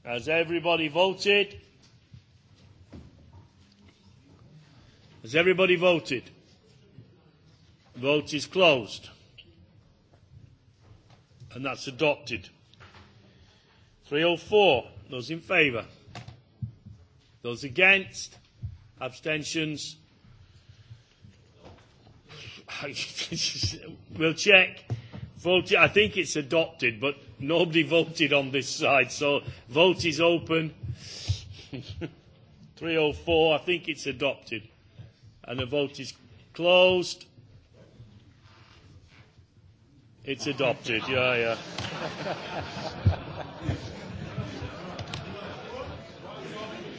Has everybody voted? Has everybody voted? Vote is closed. And that's adopted. 304. Those in favour? Those against? Abstentions? we'll check. Vote, I think it's adopted, but nobody voted on this side, so vote is open. 304, I think it's adopted. And the vote is closed. It's adopted, yeah, yeah.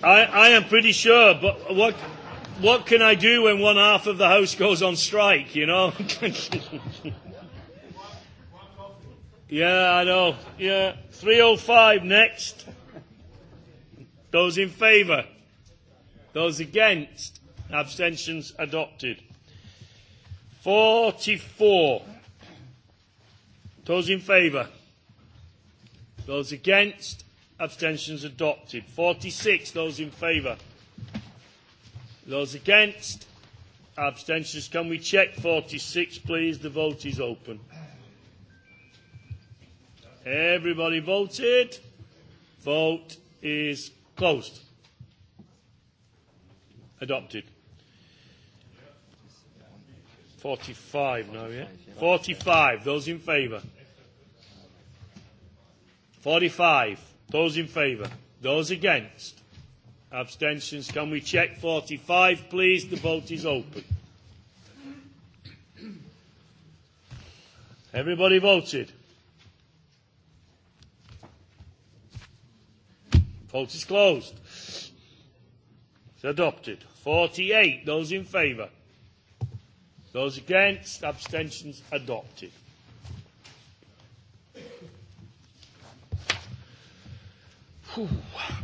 I, I am pretty sure, but what what can I do when one half of the house goes on strike, you know? yeah, I know. Yeah. 305 next. Those in favour? Those against? Abstentions adopted. 44. Those in favour? Those against? Abstentions adopted. 46. Those in favour? Those against? Abstentions. Can we check 46, please? The vote is open. Everybody voted. Vote is closed. Adopted. 45 now, yeah? 45. Those in favour? 45. Those in favour? Those against? Abstentions. Can we check 45, please? The vote is open. Everybody voted. Vote is closed. It's adopted. 48. Those in favour. Those against. Abstentions adopted. Whew.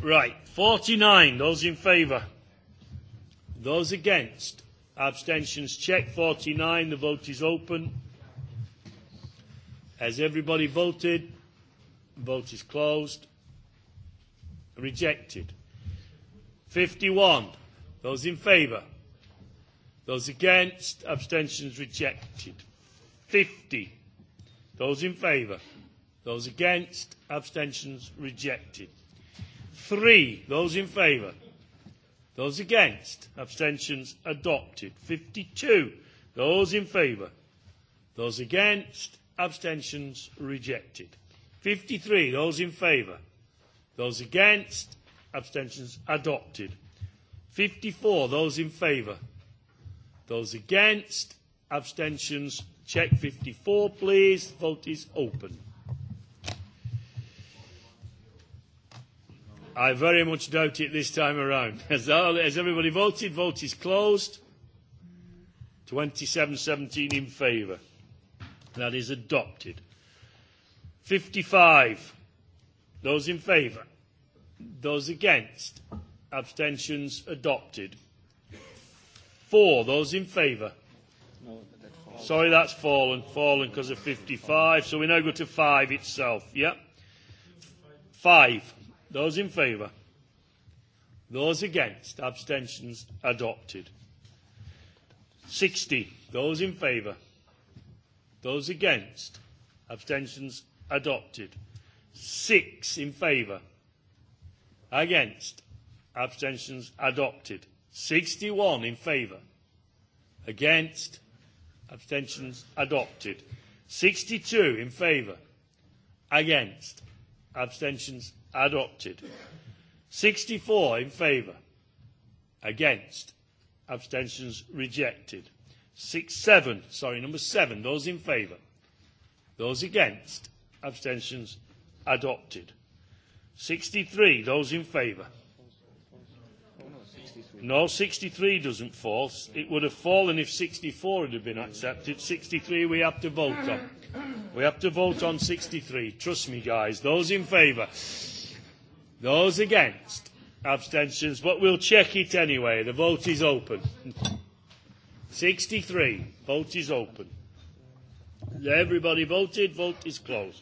Right, 49. Those in favour? Those against? Abstentions check. 49. The vote is open. Has everybody voted? Vote is closed. Rejected. 51. Those in favour? Those against? Abstentions rejected. 50. Those in favour? Those against? Abstentions rejected three. Those in favour? Those against? Abstentions adopted. 52. Those in favour? Those against? Abstentions rejected. 53. Those in favour? Those against? Abstentions adopted. 54. Those in favour? Those against? Abstentions. Check 54, please. Vote is open. I very much doubt it this time around. Has, all, has everybody voted? Vote is closed. 2717 in favour. That is adopted. 55. Those in favour. Those against. Abstentions adopted. 4. Those in favour. No, that Sorry, that's fallen. Fallen because of 55. So we now go to 5 itself. Yep. Yeah? 5. Those in favour? Those against? Abstentions adopted. 60. Those in favour? Those against? Abstentions adopted. 6 in favour. Against? Abstentions adopted. 61 in favour. Against? Abstentions adopted. 62 in favour. Against? Abstentions Adopted. 64 in favour. Against. Abstentions rejected. 6, 7, sorry, number 7, those in favour. Those against. Abstentions adopted. 63, those in favour. No, 63 doesn't fall. It would have fallen if 64 had been accepted. 63 we have to vote on. We have to vote on 63. Trust me, guys. Those in favour. Those against? Abstentions, but we'll check it anyway. The vote is open. 63. Vote is open. Everybody voted. Vote is closed.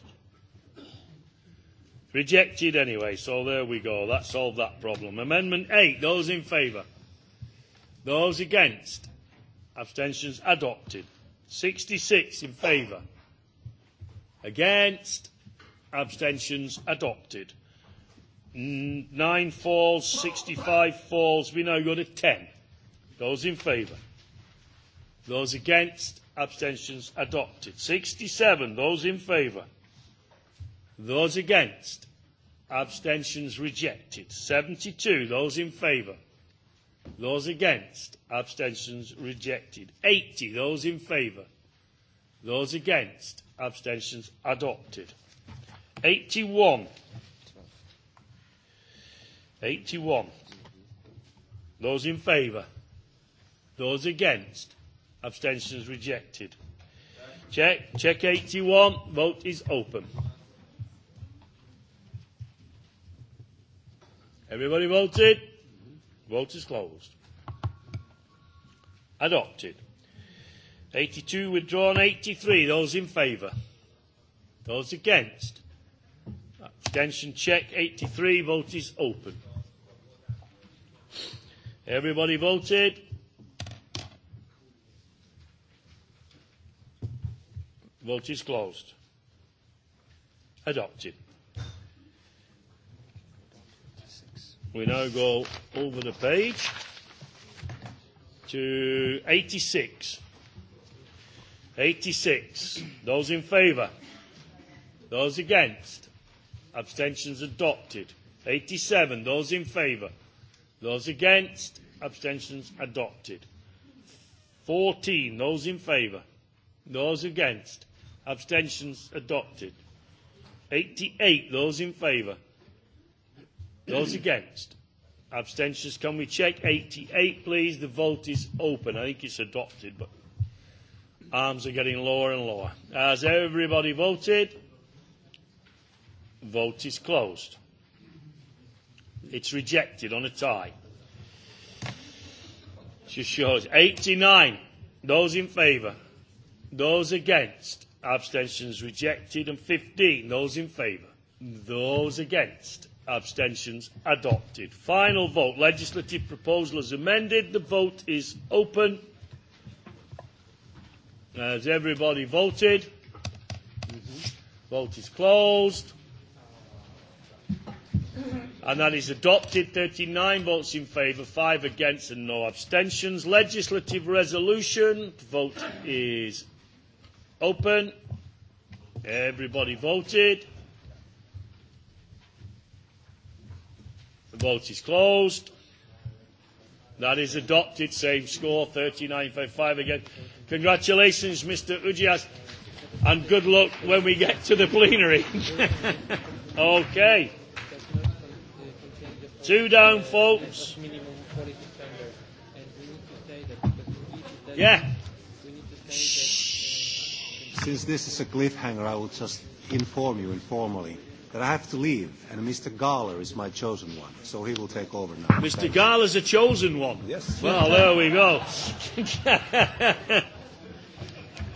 Rejected anyway, so there we go. That solved that problem. Amendment 8. Those in favour? Those against? Abstentions adopted. 66 in favour. Against? Abstentions adopted. Nine falls, 65 falls. We now go to 10. Those in favour. Those against, abstentions adopted. 67. Those in favour. Those against, abstentions rejected. 72. Those in favour. Those against, abstentions rejected. 80. Those in favour. Those against, abstentions adopted. 81. 81. Those in favour? Those against? Abstentions rejected. Check. Check 81. Vote is open. Everybody voted? Vote is closed. Adopted. 82 withdrawn. 83. Those in favour? Those against? Abstention check. 83. Vote is open. Everybody voted. Vote is closed. Adopted. We now go over the page to 86. 86. Those in favour? Those against? Abstentions adopted. 87. Those in favour? Those against, abstentions adopted. 14, those in favour. Those against, abstentions adopted. 88, those in favour. Those against, abstentions. Can we check 88, please? The vote is open. I think it's adopted, but arms are getting lower and lower. Has everybody voted? Vote is closed. It's rejected on a tie. Just shows. 89. Those in favour. Those against. Abstentions rejected. And 15. Those in favour. Those against. Abstentions adopted. Final vote. Legislative proposal as amended. The vote is open. Has everybody voted? Mm-hmm. Vote is closed and that is adopted. 39 votes in favour, 5 against and no abstentions. Legislative resolution. Vote is open. Everybody voted. The vote is closed. That is adopted. Same score, 39 for 5 again. Congratulations, Mr. Ujias, and good luck when we get to the plenary. okay. Two down, folks. Yeah. Since this is a cliffhanger, I will just inform you informally that I have to leave, and Mr. Gahler is my chosen one, so he will take over now. Mr. Thank Gahler's you. a chosen one? Yes. Well, there we go.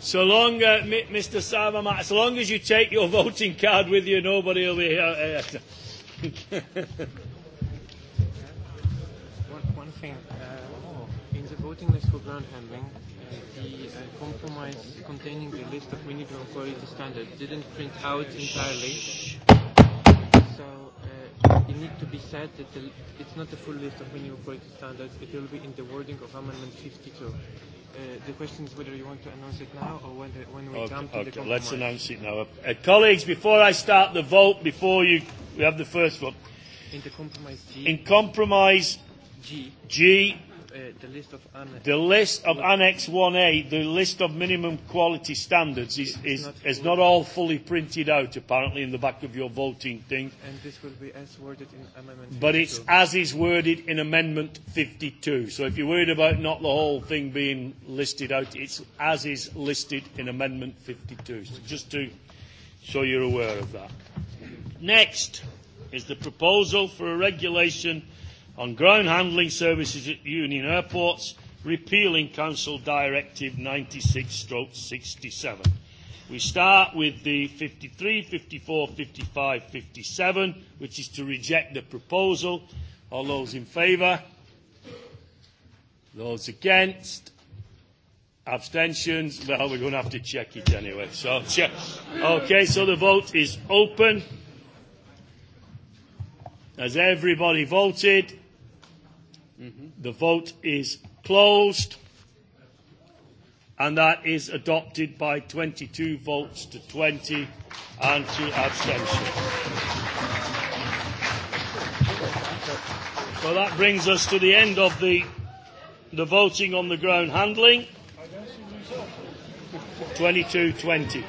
so long, uh, Mr. Savamat, so long as you take your voting card with you, nobody will be here. voting list for ground handling, uh, the uh, compromise containing the list of minimum quality standards didn't print out entirely. So uh, it needs to be said that the, it's not a full list of minimum quality standards. It will be in the wording of Amendment 52. Uh, the question is whether you want to announce it now or whether, when we okay, come to okay, the compromise. Let's announce it now. Uh, colleagues, before I start the vote, before you we have the first one. In the compromise G. In compromise G. G uh, the list of annex. The list of Annex 1A, the list of minimum quality standards, is, is, not is not all fully printed out apparently in the back of your voting thing. And this will be as worded in Amendment. 52. But it's as is worded in Amendment 52. So if you're worried about not the whole thing being listed out, it's as is listed in Amendment 52. So just to so you're aware of that. Next is the proposal for a regulation on ground handling services at Union airports, repealing Council Directive 96-67. We start with the 53, 54, 55, 57, which is to reject the proposal. All those in favour? Those against? Abstentions? Well, we're going to have to check it anyway. So, check. Okay, so the vote is open. Has everybody voted? Mm-hmm. The vote is closed. And that is adopted by 22 votes to 20 and two abstentions. So that brings us to the end of the, the voting on the ground handling. 22-20.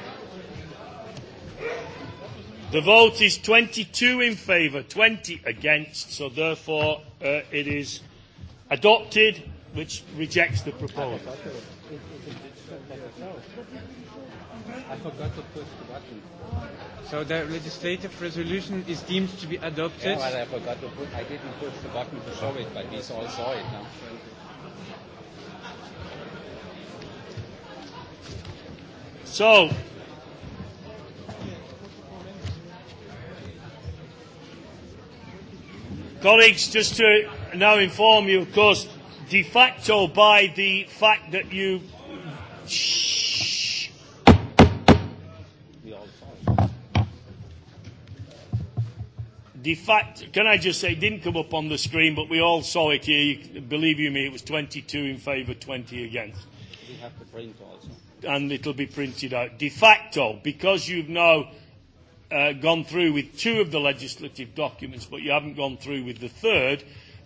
The vote is 22 in favour, 20 against, so therefore uh, it is Adopted, which rejects the proposal. I forgot to push the button. So the legislative resolution is deemed to be adopted. Yeah, well, I forgot to put. I didn't push the button to show it, but we all saw it now. So. Colleagues, just to now inform you, of course, de facto by the fact that you. Shh. De fact, can I just say, it didn't come up on the screen, but we all saw it here. Believe you me, it was 22 in favour, 20 against. We have to print also. And it'll be printed out. De facto, because you've now uh, gone through with two of the legislative documents, but you haven't gone through with the third,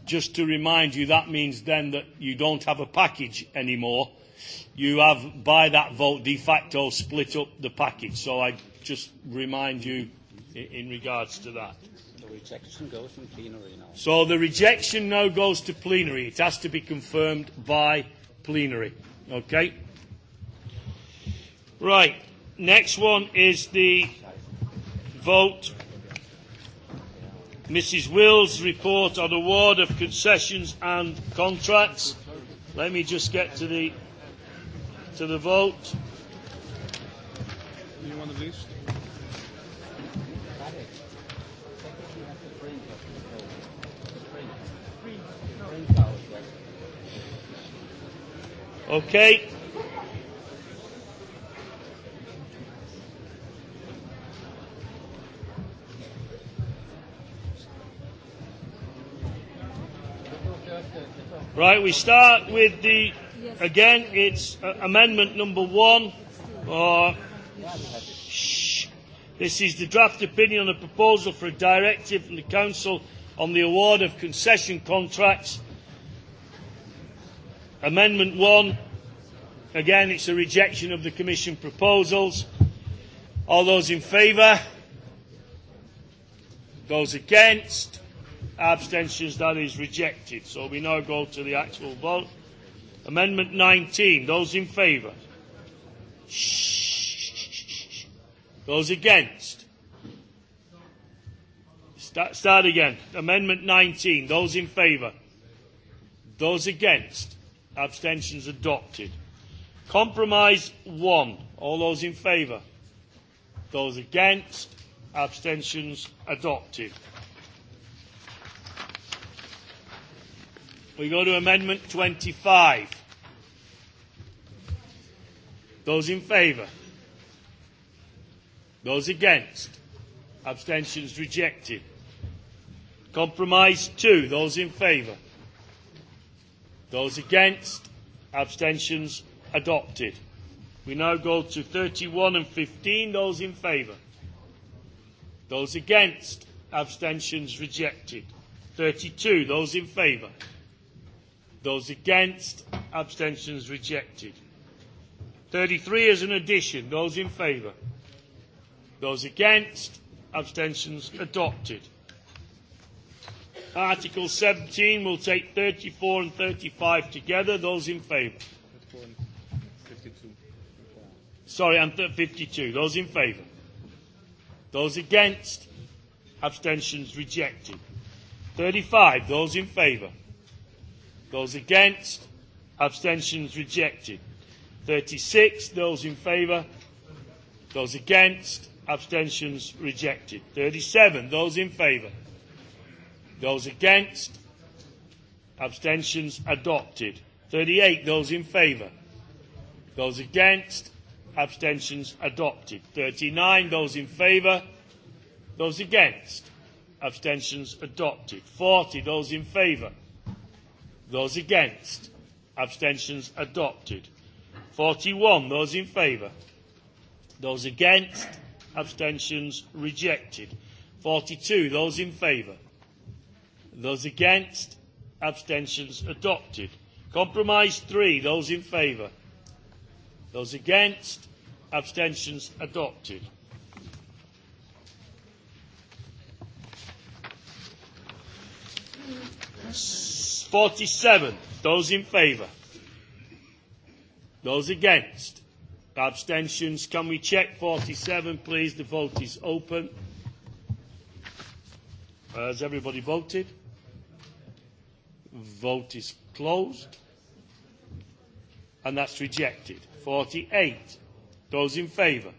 just to remind you, that means then that you don't have a package anymore. You have, by that vote, de facto split up the package. So I just remind you in, in regards to that. The rejection goes in plenary now. So the rejection now goes to plenary. It has to be confirmed by plenary. Okay? Right. Next one is the vote Mrs. Will's report on award of concessions and contracts. Let me just get to the to the vote. Do you want the list? Okay. Right, we start with the, again, it's uh, amendment number one. Or, uh, shh, this is the draft opinion on a proposal for a directive from the Council on the award of concession contracts. Amendment one, again, it's a rejection of the Commission proposals. All those in favour? Those against? abstentions, that is rejected. So we now go to the actual vote. Amendment 19, those in favour? Those against? Start, start again. Amendment 19, those in favour? Those against? Abstentions adopted. Compromise 1, all those in favour? Those against? Abstentions adopted. We go to Amendment 25. Those in favour? Those against? Abstentions rejected. Compromise 2. Those in favour? Those against? Abstentions adopted. We now go to 31 and 15. Those in favour? Those against? Abstentions rejected. 32. Those in favour? Those against, abstentions rejected. 33 as an addition. Those in favour. Those against, abstentions adopted. Article 17 will take 34 and 35 together. Those in favour? Sorry, and 52. Those in favour? Those against? Abstentions rejected. 35. Those in favour? Those against? Abstentions rejected. 36. Those in favour? Those against? Abstentions rejected. 37. Those in favour? Those against? Abstentions adopted. 38. Those in favour? Those against? Abstentions adopted. 39. Those in favour? Those against? Abstentions adopted. 40. Those in favour? Those against? Abstentions adopted. 41. Those in favour? Those against? Abstentions rejected. 42. Those in favour? Those against? Abstentions adopted. Compromise 3. Those in favour? Those against? Abstentions adopted. Yes. 47. Those in favour? Those against? Abstentions? Can we check 47, please? The vote is open. Has everybody voted? Vote is closed. And that's rejected. 48. Those in favour?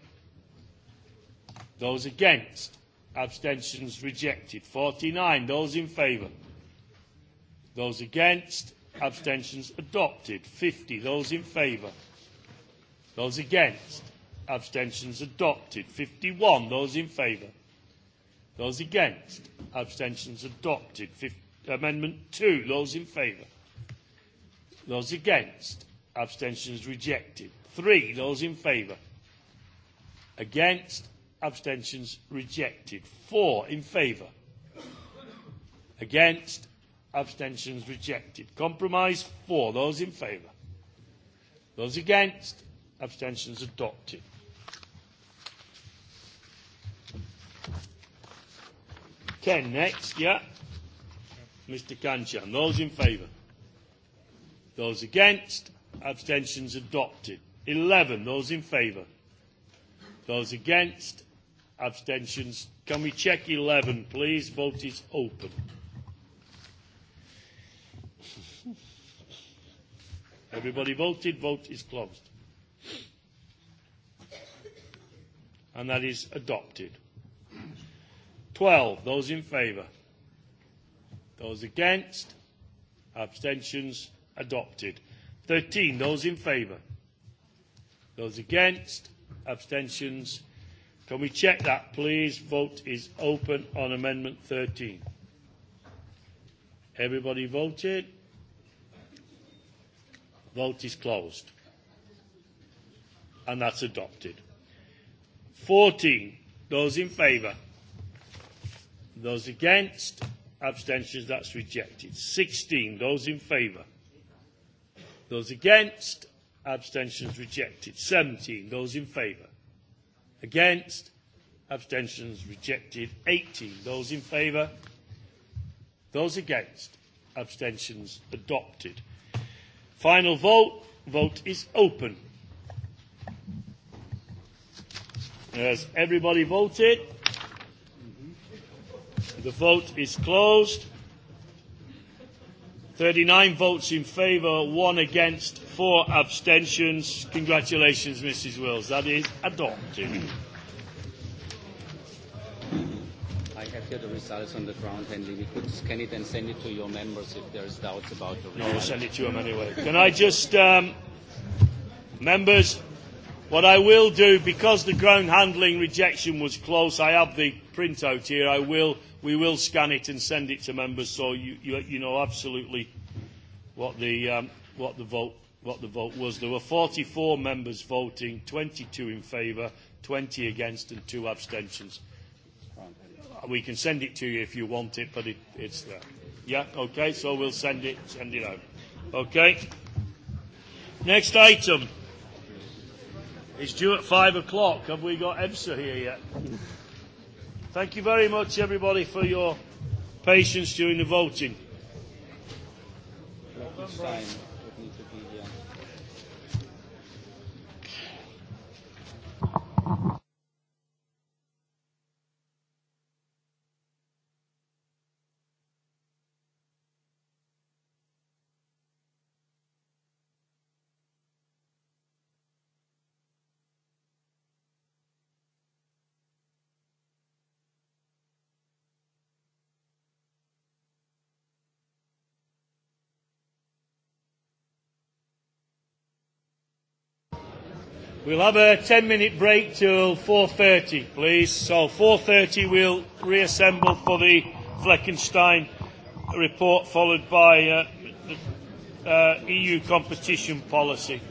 Those against? Abstentions rejected. 49. Those in favour? Those against, abstentions adopted. 50. Those in favour. Those against, abstentions adopted. 51. Those in favour. Those against, abstentions adopted. 50, amendment 2. Those in favour. Those against, abstentions rejected. 3. Those in favour. Against, abstentions rejected. 4. In favour. Against, abstentions rejected. Compromise 4, those in favour. Those against, abstentions adopted. Ken next, yeah. Mr Kanchan, those in favour. Those against, abstentions adopted. 11, those in favour. Those against, abstentions. Can we check 11, please? Vote is open. Everybody voted. Vote is closed. And that is adopted. 12. Those in favour? Those against? Abstentions? Adopted. 13. Those in favour? Those against? Abstentions? Can we check that, please? Vote is open on Amendment 13. Everybody voted. Vote is closed. And that's adopted. 14. Those in favour. Those against. Abstentions. That's rejected. 16. Those in favour. Those against. Abstentions rejected. 17. Those in favour. Against. Abstentions rejected. 18. Those in favour. Those against. Abstentions adopted. Final vote. Vote is open. Has everybody voted? The vote is closed. 39 votes in favour, one against, four abstentions. Congratulations, Mrs. Wills. That is adopted. have here the results on the ground, Henry. We could scan it and send it to your members if there's doubts about the results. No, we'll send it to them anyway. Can I just, um, members, what I will do, because the ground handling rejection was close, I have the printout here. I will, we will scan it and send it to members so you, you, you know absolutely what the, um, what the vote what the vote was. There were 44 members voting, 22 in favour, 20 against and two abstentions. We can send it to you if you want it, but it, it's there. Yeah, okay, so we'll send it, send it out. Okay. Next item. It's due at five o'clock. Have we got EBSA here yet? Thank you very much, everybody, for your patience during the voting. Thank you. We'll have a 10 minute break till 4.30, please. So 4.30 we'll reassemble for the Fleckenstein report followed by uh, uh, EU competition policy.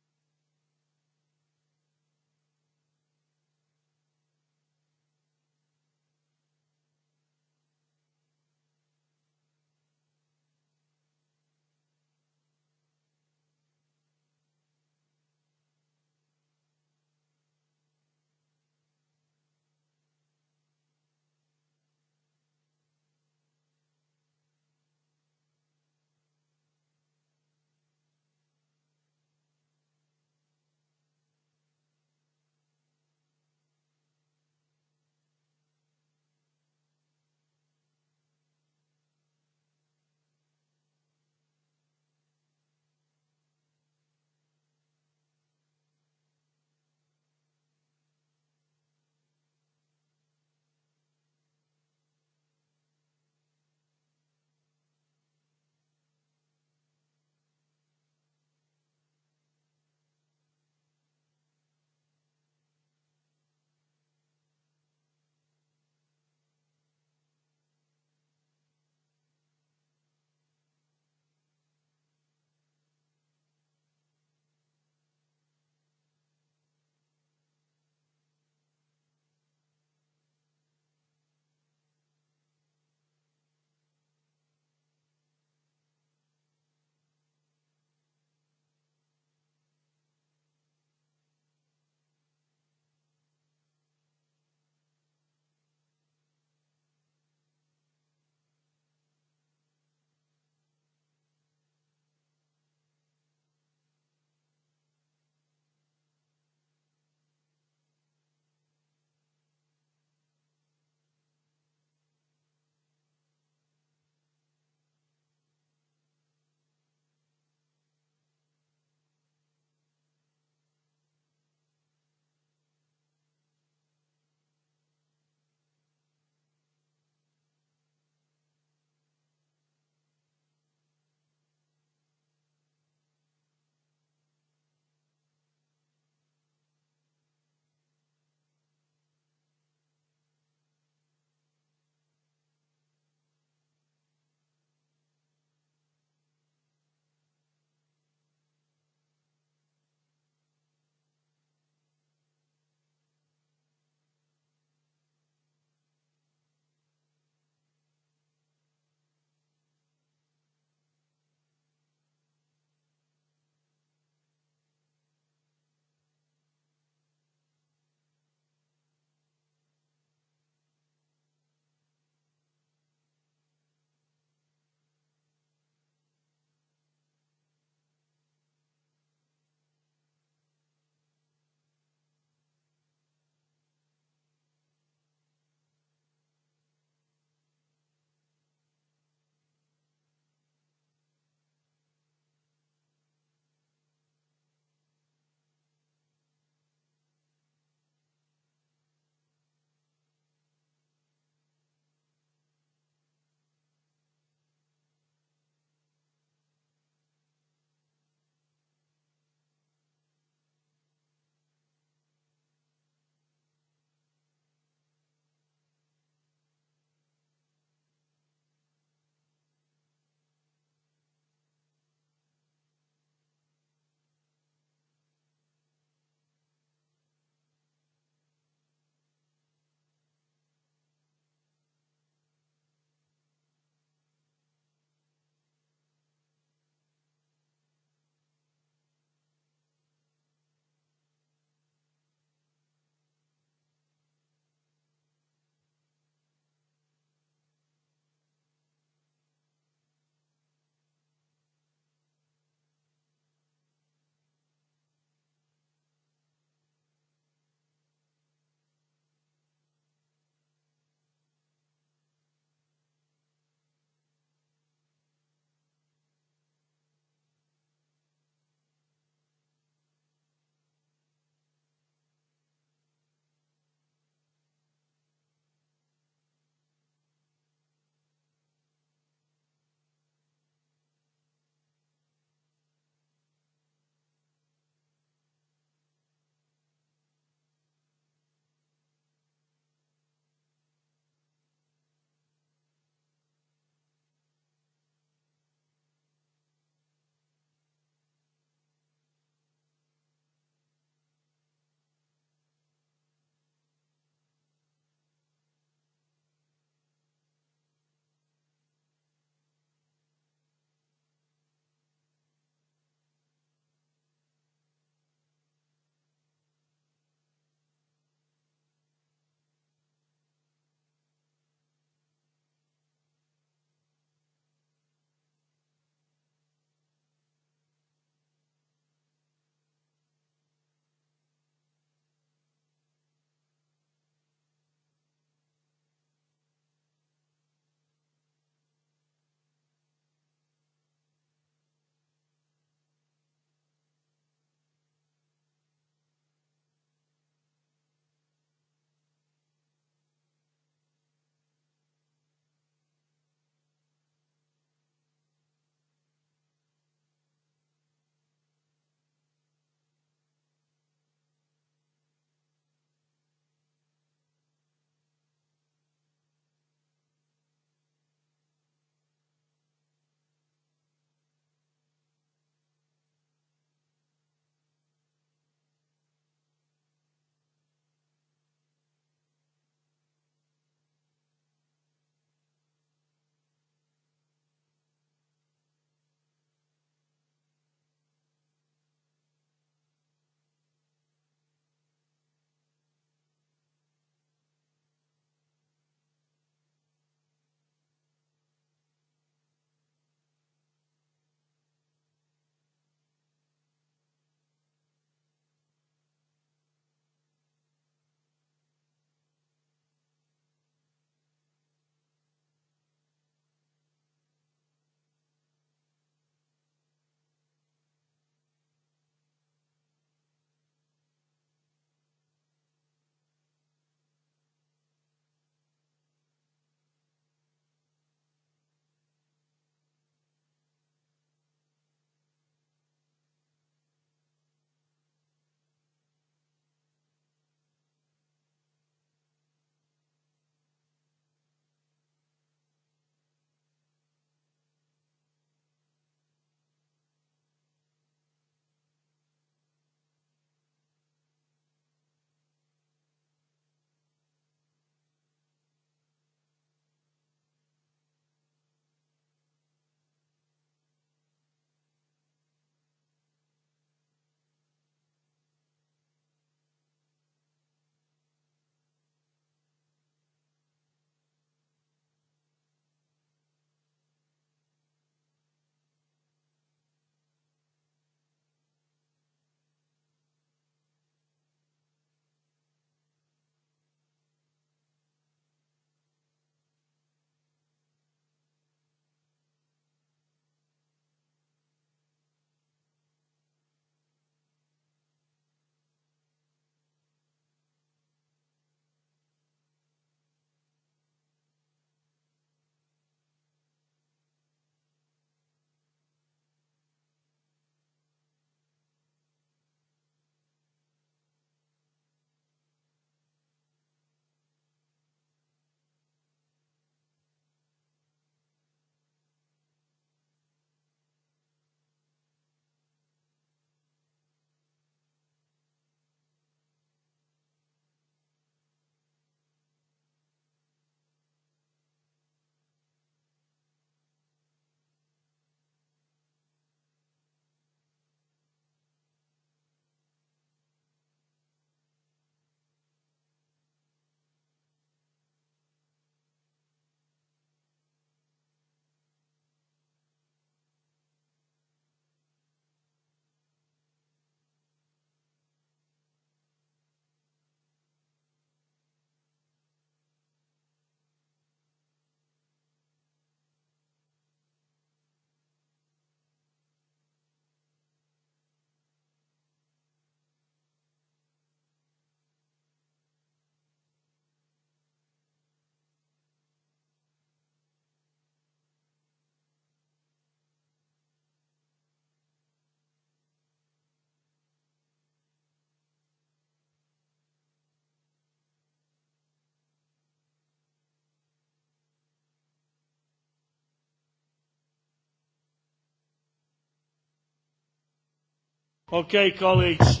Okay, colleagues.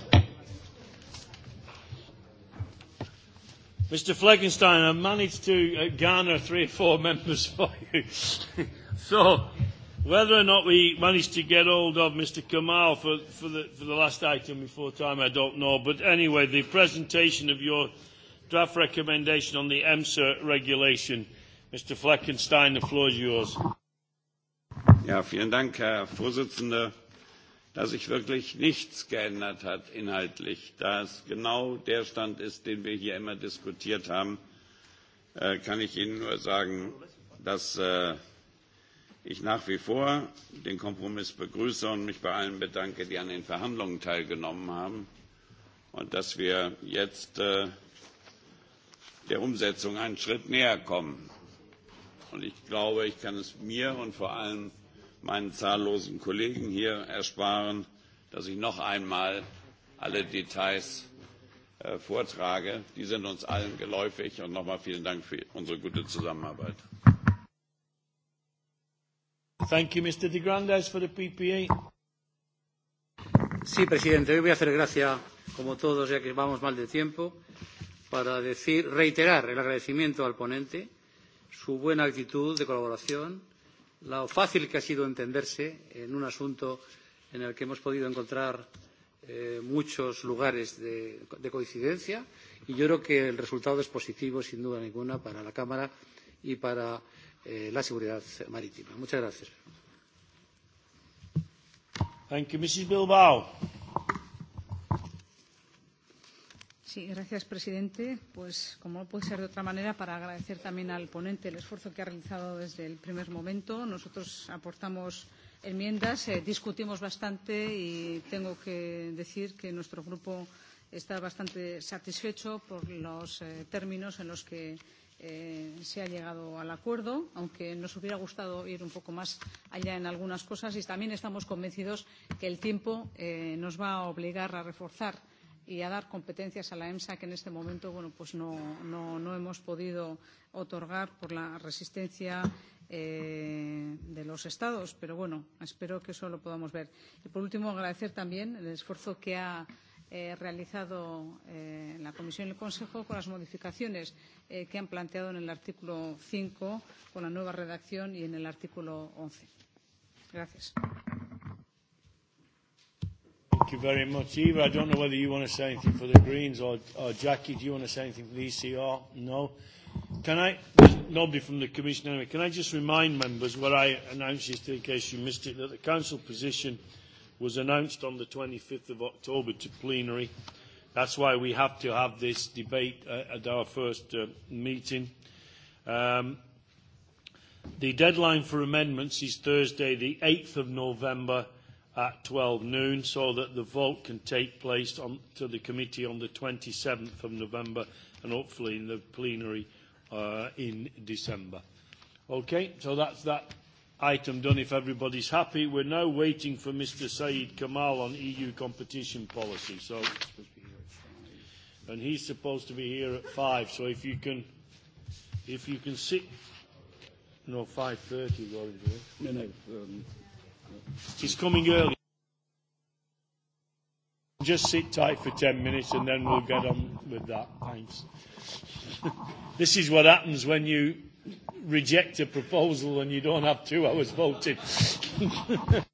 Mr. Fleckenstein, I managed to uh, garner three or four members for you. so, whether or not we managed to get hold of Mr. Kamal for, for, the, for the last item before time, I don't know. But anyway, the presentation of your draft recommendation on the EMSA regulation. Mr. Fleckenstein, the floor is yours. Ja, vielen Dank, Herr Vorsitzender dass sich wirklich nichts geändert hat inhaltlich, da es genau der Stand ist, den wir hier immer diskutiert haben, äh, kann ich Ihnen nur sagen, dass äh, ich nach wie vor den Kompromiss begrüße und mich bei allen bedanke, die an den Verhandlungen teilgenommen haben und dass wir jetzt äh, der Umsetzung einen Schritt näher kommen. Und ich glaube, ich kann es mir und vor allem meinen zahllosen Kollegen hier ersparen, dass ich noch einmal alle Details äh, vortrage. Die sind uns allen geläufig und nochmal vielen Dank für unsere gute Zusammenarbeit. Thank you, Mr. De Grandes, for the PPA. Sí, presidente, hoy voy a hacer gracia, como todos, ya que vamos mal de tiempo, para decir, reiterar el agradecimiento al ponente, su buena actitud de colaboración lo fácil que ha sido entenderse en un asunto en el que hemos podido encontrar eh, muchos lugares de, de coincidencia y yo creo que el resultado es positivo, sin duda ninguna, para la Cámara y para eh, la seguridad marítima. Muchas gracias. Thank you, Mrs. Bilbao. Sí, gracias, presidente. Pues, como no puede ser de otra manera, para agradecer también al ponente el esfuerzo que ha realizado desde el primer momento. Nosotros aportamos enmiendas, eh, discutimos bastante y tengo que decir que nuestro grupo está bastante satisfecho por los eh, términos en los que eh, se ha llegado al acuerdo, aunque nos hubiera gustado ir un poco más allá en algunas cosas y también estamos convencidos que el tiempo eh, nos va a obligar a reforzar y a dar competencias a la EMSA que en este momento bueno, pues no, no, no hemos podido otorgar por la resistencia eh, de los Estados. Pero bueno, espero que eso lo podamos ver. Y por último, agradecer también el esfuerzo que ha eh, realizado eh, la Comisión y el Consejo con las modificaciones eh, que han planteado en el artículo 5 con la nueva redacción y en el artículo 11. Gracias. Thank you very much. Eva, I don't know whether you want to say anything for the Greens or, or Jackie, do you want to say anything for the ECR? No? Can I, there's nobody from the Commission anyway, can I just remind members what I announced yesterday in case you missed it, that the Council position was announced on the 25th of October to plenary. That's why we have to have this debate uh, at our first uh, meeting. Um, the deadline for amendments is Thursday, the 8th of November at 12 noon so that the vote can take place on, to the committee on the 27th of November and hopefully in the plenary uh, in December. Okay, so that's that item done if everybody's happy. We're now waiting for Mr Saeed Kamal on EU competition policy. So, and he's supposed to be here at 5, so if you can, if you can sit... No, 5.30 we're already doing. No, no. Um, He's coming early. Just sit tight for 10 minutes and then we'll get on with that. Thanks. this is what happens when you reject a proposal and you don't have two hours voting.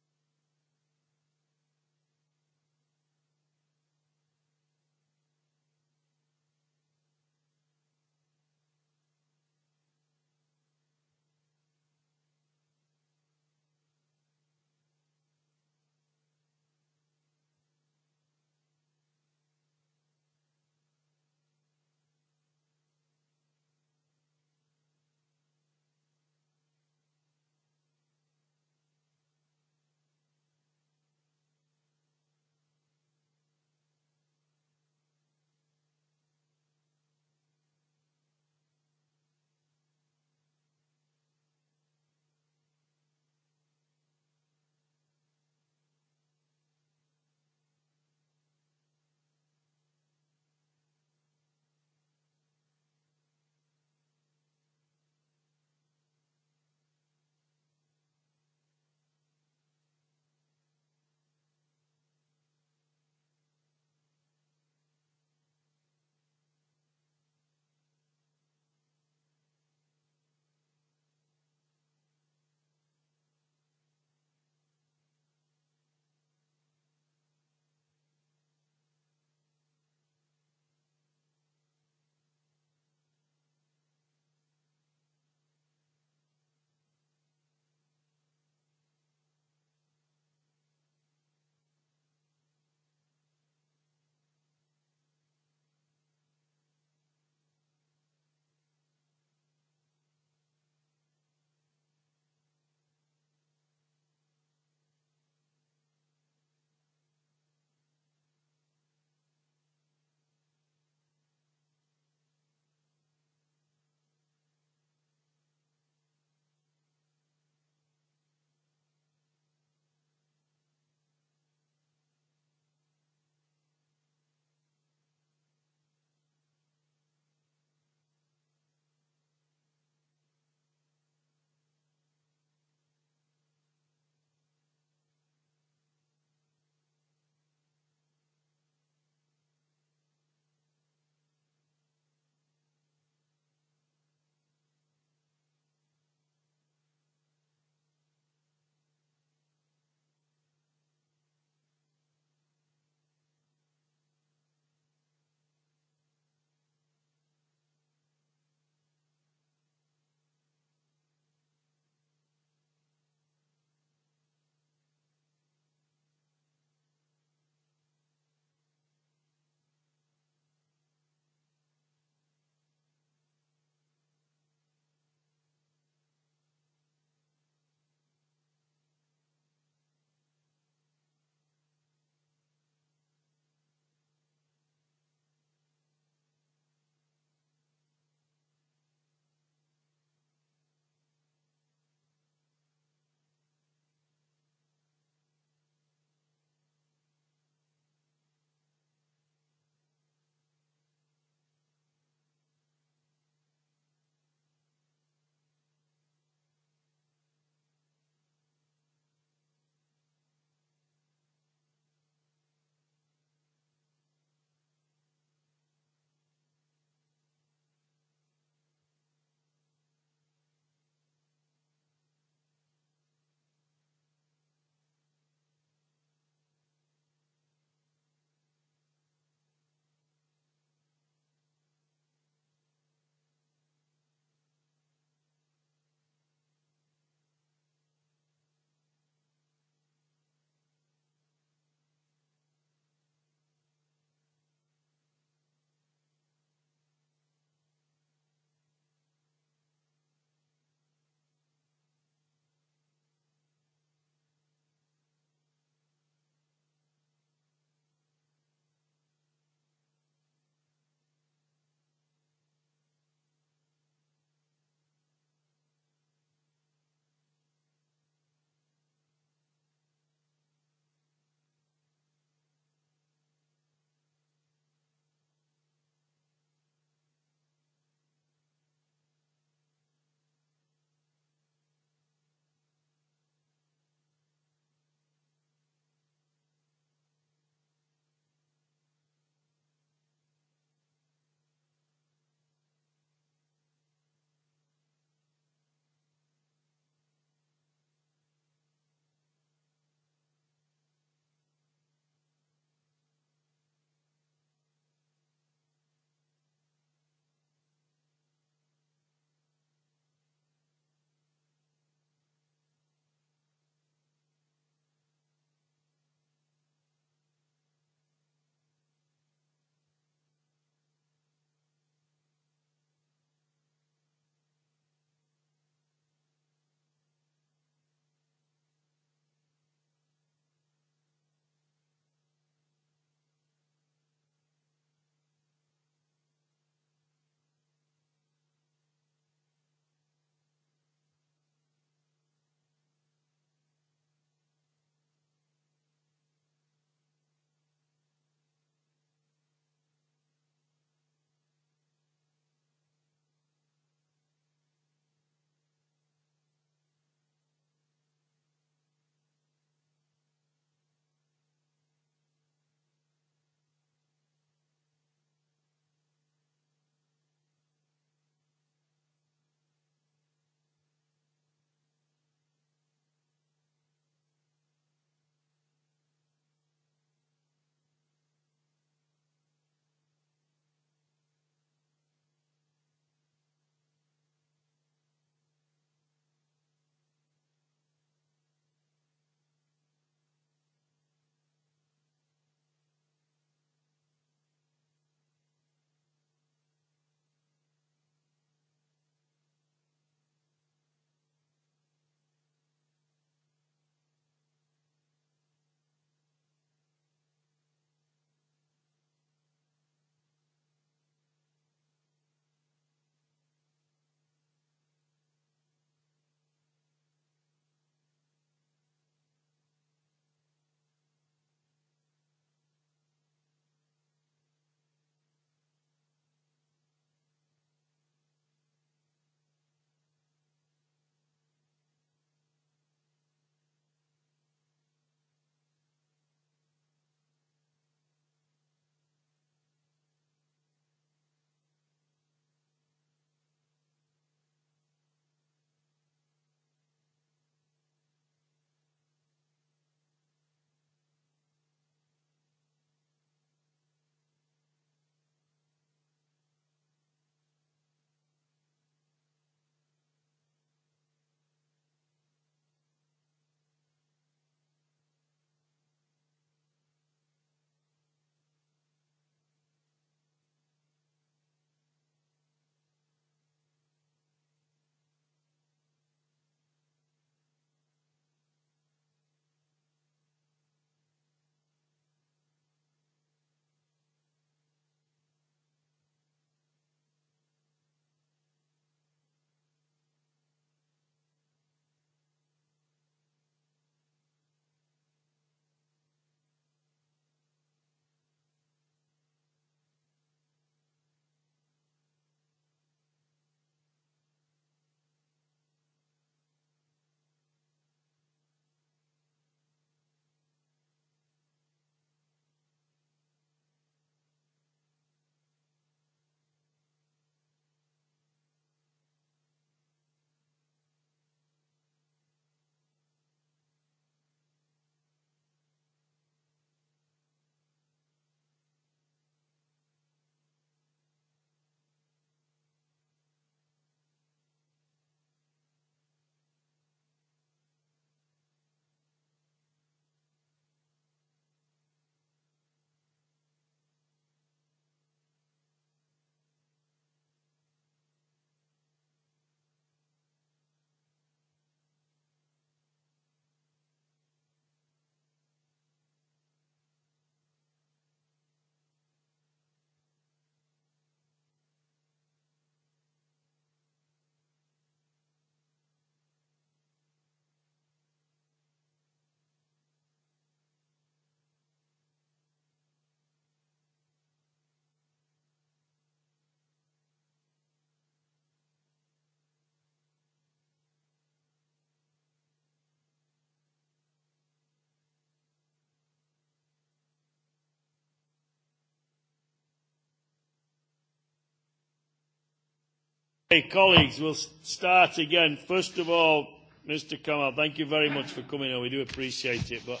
Hey, colleagues, we'll start again. First of all, Mr. Kamal, thank you very much for coming and we do appreciate it. But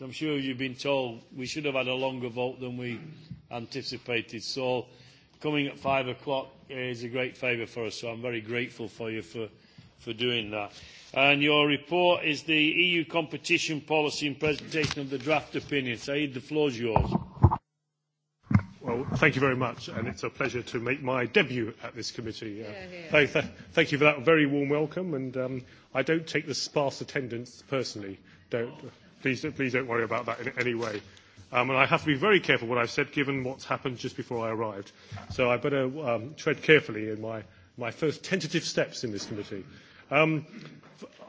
I'm sure you've been told we should have had a longer vote than we anticipated. So coming at five o'clock is a great favour for us. So I'm very grateful for you for, for doing that. And your report is the EU competition policy and presentation of the draft opinion. Said, the floor's yours. Thank you very much, and it's a pleasure to make my debut at this committee. Uh, yeah, yeah. Thank, th- thank you for that very warm welcome, and um, I don't take the sparse attendance personally. Don't, please, please don't worry about that in any way. Um, and I have to be very careful what I've said, given what's happened just before I arrived. So I better um, tread carefully in my, my first tentative steps in this committee. Um,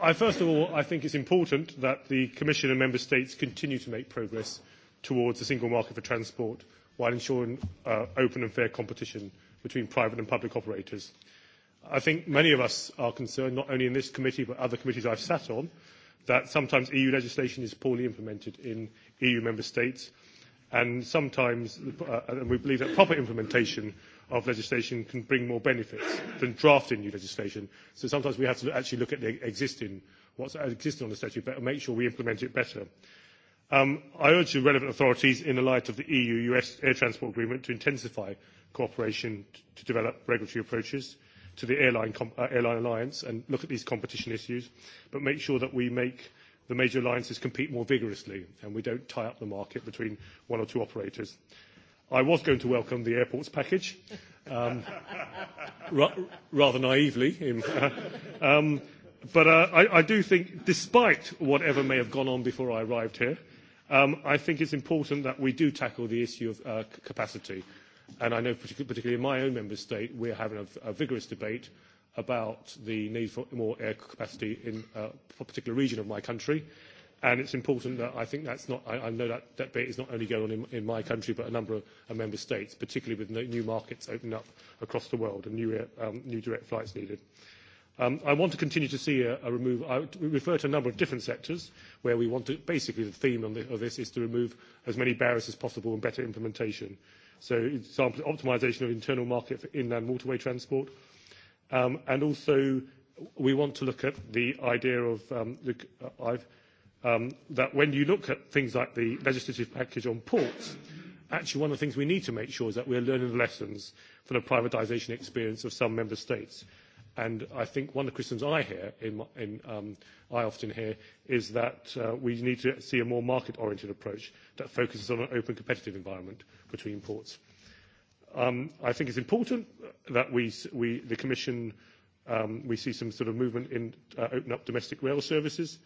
I, first of all, I think it's important that the Commission and Member States continue to make progress towards the single market for transport – while ensuring uh, open and fair competition between private and public operators. I think many of us are concerned, not only in this committee but other committees I've sat on, that sometimes EU legislation is poorly implemented in EU member states, and sometimes uh, and we believe that proper implementation of legislation can bring more benefits than drafting new legislation. So sometimes we have to actually look at the existing, what's existing on the statute, but make sure we implement it better. Um, I urge the relevant authorities, in the light of the EU-US air transport agreement, to intensify cooperation to develop regulatory approaches to the airline, uh, airline alliance and look at these competition issues, but make sure that we make the major alliances compete more vigorously and we don't tie up the market between one or two operators. I was going to welcome the airports package, um, ra- rather naively. In, uh, um, but uh, I, I do think, despite whatever may have gone on before I arrived here, Um, I think it's important that we do tackle the issue of uh, capacity. And I know partic particularly in my own member state, we're having a, a vigorous debate about the need for more air capacity in uh, a particular region of my country. And it's important that I think that's not, I, I know that debate is not only going on in, in my country, but a number of, of member states, particularly with no, new markets opening up across the world and new, um, new direct flights needed. Uh, Um, I want to continue to see a, a remove. I refer to a number of different sectors where we want to. Basically, the theme on the, of this is to remove as many barriers as possible and better implementation. So, example, optimization of internal market for inland waterway transport, um, and also we want to look at the idea of um, the, uh, I've, um, that when you look at things like the legislative package on ports, actually one of the things we need to make sure is that we're learning the lessons from the privatisation experience of some member states And I think one of the criticisms I hear, in, in, um, I often hear, is that uh, we need to see a more market-oriented approach that focuses on an open competitive environment between ports. Um, I think it's important that we, we the Commission, um, we see some sort of movement in uh, open up domestic rail services. Uh,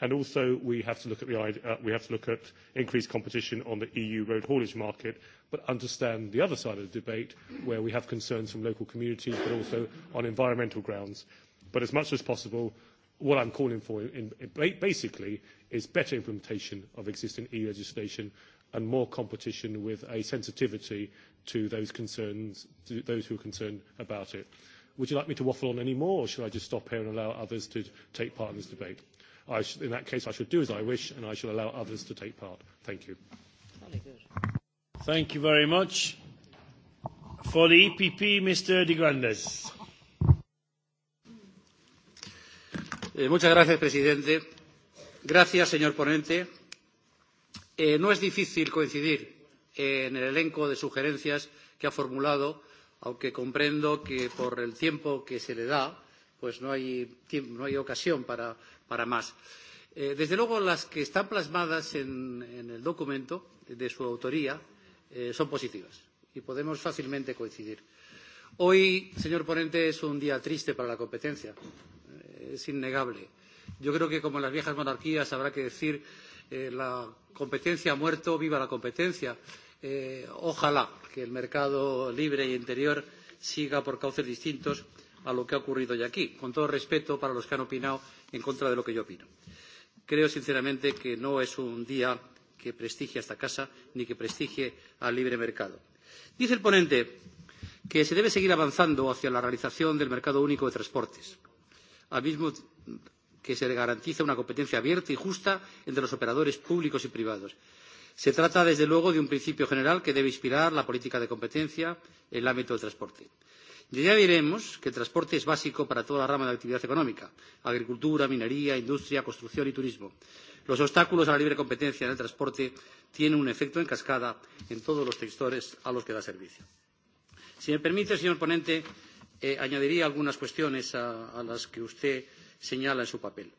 And also, we have to look at the uh, we have to look at increased competition on the EU road haulage market, but understand the other side of the debate, where we have concerns from local communities, but also on environmental grounds. But as much as possible, what I'm calling for in, in, basically is better implementation of existing EU legislation and more competition with a sensitivity to those concerns, to those who are concerned about it. Would you like me to waffle on any more, or should I just stop here and allow others to take part in this debate? I should, in that case, I should do as I wish, and I shall allow others to take part. Thank you. Very good. Thank you very much. For the EPP, Mr. De Grandes. Eh, muchas gracias, presidente. Gracias, señor ponente. Eh, no es difícil coincidir eh, en el elenco de sugerencias que ha formulado, aunque comprendo que por el tiempo que se le da, pues no hay, no hay ocasión para para más. Eh, desde luego, las que están plasmadas en, en el documento de su autoría eh, son positivas y podemos fácilmente coincidir. Hoy, señor ponente, es un día triste para la competencia. Eh, es innegable. Yo creo que, como en las viejas monarquías, habrá que decir eh, la competencia ha muerto, viva la competencia. Eh, ojalá que el mercado libre y e interior siga por cauces distintos. Mm a lo que ha ocurrido hoy aquí, con todo respeto para los que han opinado en contra de lo que yo opino. Creo sinceramente que no es un día que prestigie a esta casa ni que prestigie al libre mercado. Dice el ponente que se debe seguir avanzando hacia la realización del mercado único de transportes, al mismo que se garantiza una competencia abierta y justa entre los operadores públicos y privados. Se trata, desde luego, de un principio general que debe inspirar la política de competencia en el ámbito del transporte. Y ya diremos que el transporte es básico para toda la rama de la actividad económica, agricultura, minería, industria, construcción y turismo. Los obstáculos a la libre competencia en el transporte tienen un efecto en cascada en todos los sectores a los que da servicio. Si me permite, señor ponente, eh, añadiría algunas cuestiones a, a las que usted señala en su papel.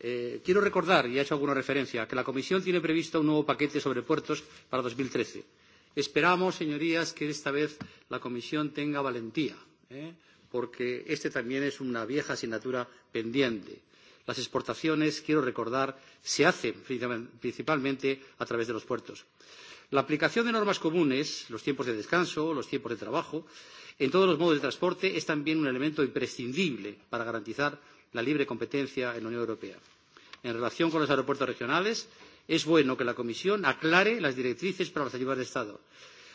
Eh, quiero recordar, y ha hecho alguna referencia, que la Comisión tiene previsto un nuevo paquete sobre puertos para 2013 Esperamos, señorías, que esta vez la Comisión tenga valentía, ¿eh? porque este también es una vieja asignatura pendiente. Las exportaciones, quiero recordar, se hacen principalmente a través de los puertos. La aplicación de normas comunes, los tiempos de descanso, los tiempos de trabajo, en todos los modos de transporte es también un elemento imprescindible para garantizar la libre competencia en la Unión Europea. En relación con los aeropuertos regionales, es bueno que la Comisión aclare las directrices para las ayudas de Estado.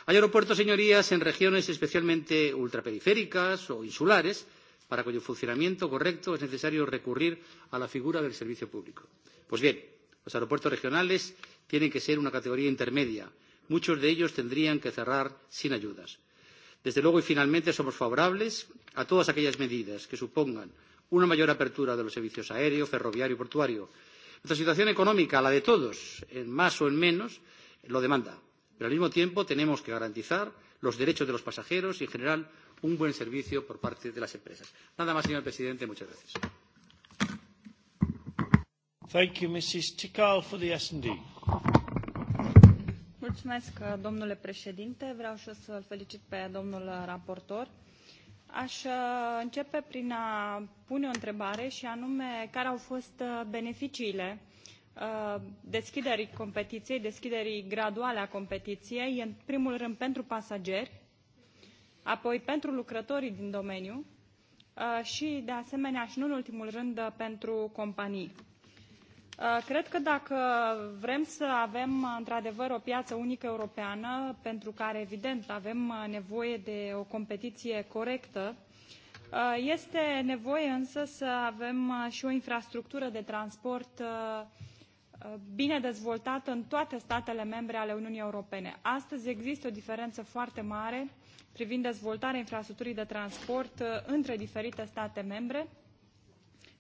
Hay aeropuertos, señorías, en regiones especialmente ultraperiféricas o insulares, para cuyo funcionamiento correcto es necesario recurrir a la figura del servicio público. Pues bien, los aeropuertos regionales tienen que ser una categoría intermedia. Muchos de ellos tendrían que cerrar sin ayudas. Desde luego y finalmente somos favorables a todas aquellas medidas que supongan una mayor apertura de los servicios aéreo, ferroviario y portuario, Nuestra situación económica, la de todos, en más o en menos, lo demanda. Pero al mismo tiempo tenemos que garantizar los derechos de los pasajeros y, en general, un buen servicio por parte de las empresas. Nada más, señor presidente. Muchas gracias. Thank you, Mrs. Tikal, for the S&D. Mulțumesc, domnule președinte. Vreau și eu să-l felicit pe domnul raportor. Uh, Aș uh, începe prin a pune o întrebare și anume care au fost uh, beneficiile uh, deschiderii competiției, deschiderii graduale a competiției, în primul rând pentru pasageri, apoi pentru lucrătorii din domeniu și, de asemenea, și nu în ultimul rând, pentru companii. Uh, cred că dacă vrem să avem uh, într-adevăr o piață unică europeană, pentru care evident avem uh, nevoie de o competiție corectă, este nevoie însă să avem și o infrastructură de transport bine dezvoltată în toate statele membre ale Uniunii Europene. Astăzi există o diferență foarte mare privind dezvoltarea infrastructurii de transport între diferite state membre. Uh,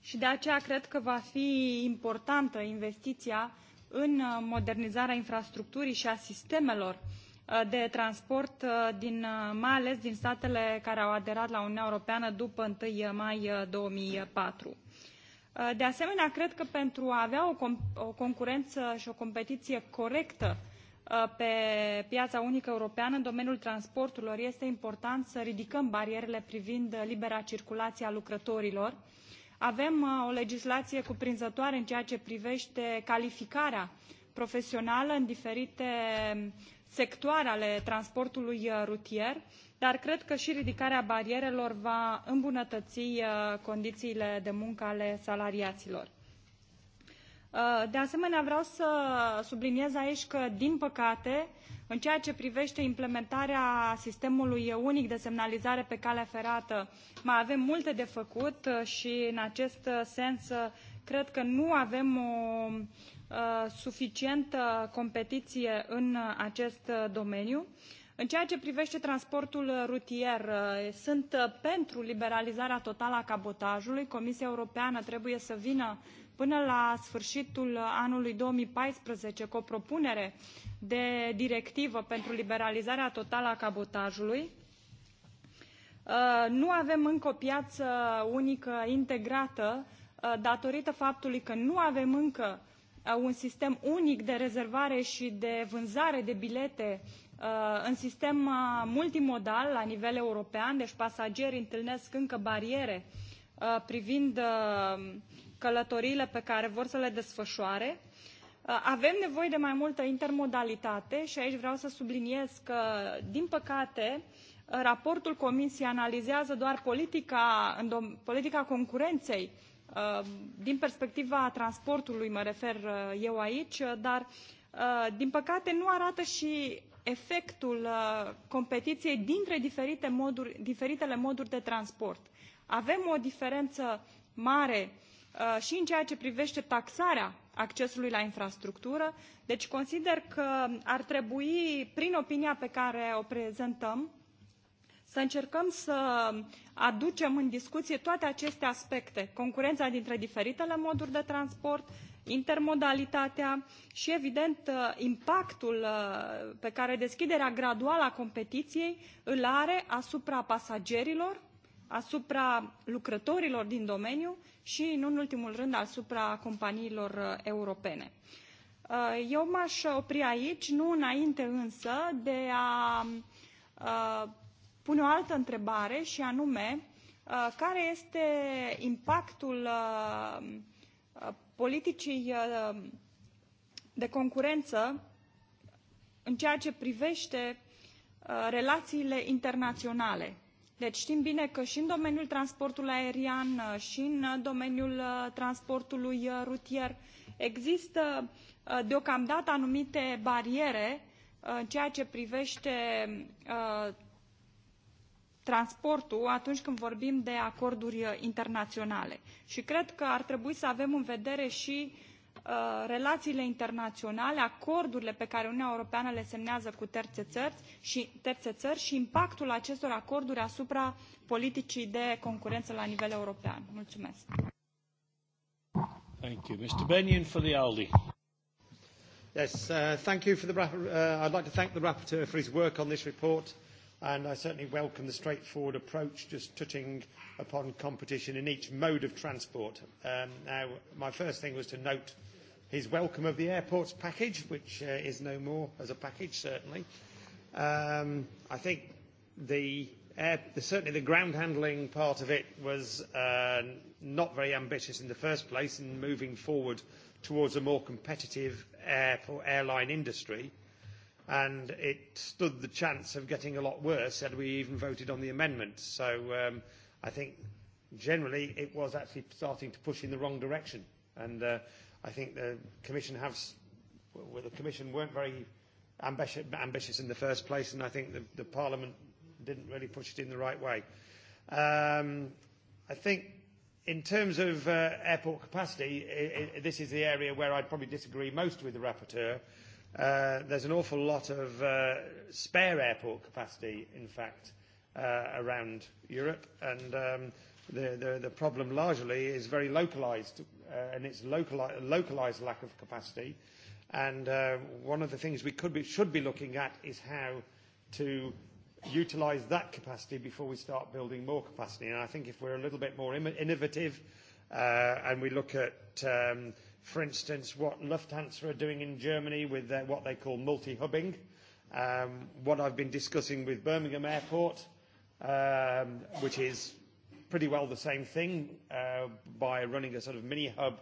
și de aceea cred că va fi importantă investiția în uh, modernizarea infrastructurii și a sistemelor uh, de transport, uh, din, mai ales din statele care au aderat la Uniunea Europeană după 1 mai 2004. De asemenea, cred că pentru a avea o, o concurență și o competiție corectă pe piața unică europeană în domeniul transporturilor, este important să ridicăm barierele privind libera circulație a lucrătorilor, uh, Avem uh, o legislație cuprinzătoare în ceea ce privește calificarea profesională în diferite um, sectoare ale transportului uh, rutier, dar cred că și ridicarea barierelor va îmbunătăți uh, condițiile de muncă ale salariaților Uh, de asemenea, vreau să subliniez aici că, din păcate, în ceea ce privește implementarea sistemului unic de semnalizare pe calea ferată, mai avem multe de făcut uh, și, în acest uh, sens, cred că nu avem o suficientă competiție în acest domeniu. În ceea ce privește transportul rutier, sunt pentru liberalizarea totală a cabotajului. Comisia Europeană trebuie să vină până la sfârșitul anului 2014 cu o propunere de directivă pentru liberalizarea totală a cabotajului. Uh, nu avem încă o piață unică integrată uh, datorită faptului că nu avem încă uh, un sistem unic de rezervare și de vânzare de bilete în sistem multimodal la nivel european, deci pasagerii întâlnesc încă bariere privind călătoriile pe care vor să le desfășoare. Uh, avem nevoie de mai multă intermodalitate și aici vreau să subliniez că, din păcate, uh, raportul Comisiei analizează doar politica, politica concurenței uh, din perspectiva transportului, mă refer eu aici, dar, din păcate, nu arată și efectul competiției dintre diferite moduri, diferitele moduri de transport. Avem o diferență mare Uh, și în ceea ce privește taxarea accesului la infrastructură. Deci consider că ar trebui, prin opinia pe care o prezentăm, să încercăm să aducem în discuție toate aceste aspecte, concurența dintre diferitele moduri de transport, intermodalitatea și, evident, uh, impactul uh, pe care deschiderea graduală a competiției îl are asupra pasagerilor, asupra lucrătorilor din domeniu și, nu în ultimul rând, asupra companiilor uh, europene. Uh, eu m-aș opri aici, nu înainte însă de a uh, pune o altă întrebare și anume, care este impactul politicii de concurență în ceea ce privește relațiile internaționale Deci știm bine că și în domeniul transportului aerian uh, și în uh, domeniul uh, transportului rutier există deocamdată anumite bariere în ceea ce privește transportul atunci când vorbim de acorduri internaționale. Și cred că ar trebui să avem în vedere și uh, Uh, relațiile internaționale, acordurile pe care Uniunea Europeană le semnează cu terțe țări și, terțe țări și impactul acestor acorduri asupra politicii de concurență la nivel european. Mulțumesc. Thank you. Mr. Benyon for the ALDE. Yes, uh, thank you for the uh, I'd like to thank the rapporteur for his work on this report, and I certainly welcome the straightforward approach just touching upon competition in each mode of transport. Um, now, my first thing was to note his welcome of the airports package, which uh, is no more as a package, certainly. Um, I think the, air, the, certainly the ground handling part of it was uh, not very ambitious in the first place and moving forward towards a more competitive airport airline industry. And it stood the chance of getting a lot worse had we even voted on the amendment. So um, I think generally it was actually starting to push in the wrong direction. And uh, I think the Commission has, well, the Commission weren't very ambitious, ambitious in the first place, and I think the, the Parliament didn't really push it in the right way. Um, I think in terms of uh, airport capacity, it, it, this is the area where I'd probably disagree most with the rapporteur. Uh, there's an awful lot of uh, spare airport capacity, in fact, uh, around Europe, and um, the, the, the problem largely is very localized uh, and its locali- localized lack of capacity. And uh, one of the things we could be, should be looking at is how to utilize that capacity before we start building more capacity. And I think if we're a little bit more Im- innovative uh, and we look at, um, for instance, what Lufthansa are doing in Germany with their, what they call multi-hubbing, um, what I've been discussing with Birmingham Airport, um, which is pretty well the same thing uh, by running a sort of mini hub